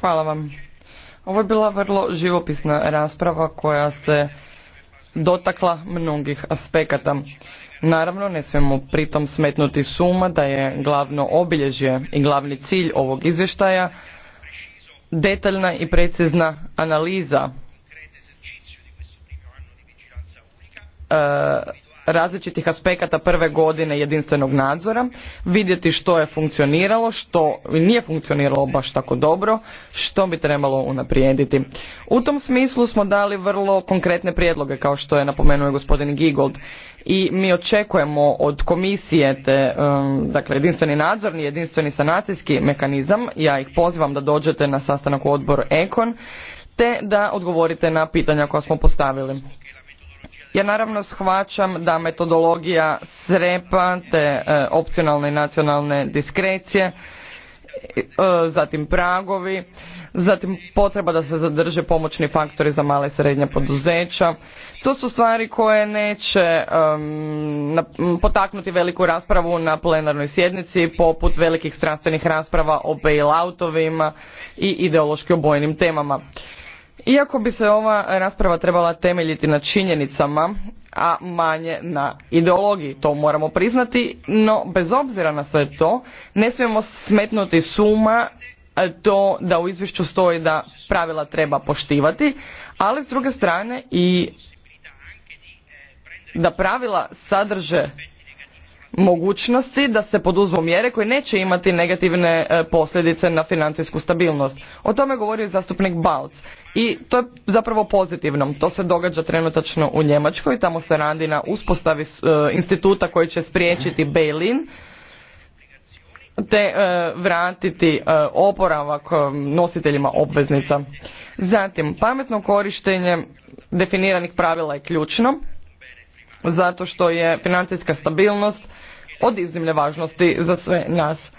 Hvala vam. Ovo je bila vrlo živopisna rasprava koja se dotakla mnogih aspekata. Naravno, ne smijemo pritom smetnuti suma da je glavno obilježje i glavni cilj ovog izvještaja detaljna i precizna analiza e, različitih aspekata prve godine jedinstvenog nadzora, vidjeti što je funkcioniralo, što nije funkcioniralo baš tako dobro, što bi trebalo unaprijediti. U tom smislu smo dali vrlo konkretne prijedloge, kao što je napomenuo gospodin Gigold. I mi očekujemo od komisije te, um, dakle, jedinstveni nadzorni, jedinstveni sanacijski mehanizam. Ja ih pozivam da dođete na sastanak u odbor Ekon te da odgovorite na pitanja koja smo postavili. Ja naravno shvaćam da metodologija srepa te e, opcionalne i nacionalne diskrecije, e, zatim pragovi, zatim potreba da se zadrže pomoćni faktori za male i srednja poduzeća. To su stvari koje neće potaknuti veliku raspravu na plenarnoj sjednici poput velikih strastvenih rasprava o bailoutovima i ideološki obojenim temama. Iako bi se ova rasprava trebala temeljiti na činjenicama, a manje na ideologiji, to moramo priznati, no bez obzira na sve to, ne smijemo smetnuti suma e, to da u izvješću stoji da pravila treba poštivati, ali s druge strane i da pravila sadrže mogućnosti da se poduzmu mjere koje neće imati negativne e, posljedice na financijsku stabilnost. O tome govorio i zastupnik Balc. I to je zapravo pozitivno. To se događa trenutačno u Njemačkoj. Tamo se radi na uspostavi e, instituta koji će spriječiti bail te e, vratiti oporavak nositeljima obveznica. Zatim, pametno korištenje definiranih pravila je ključno zato što je financijska stabilnost od iznimne važnosti za sve nas.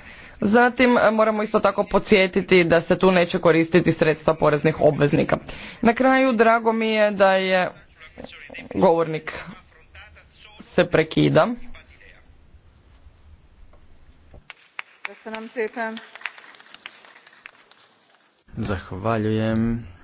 Zatim e, moramo isto tako podsjetiti da se tu neće koristiti sredstva poreznih obveznika. Na kraju drago mi je da je govornik se prekida. Zahvaljujem.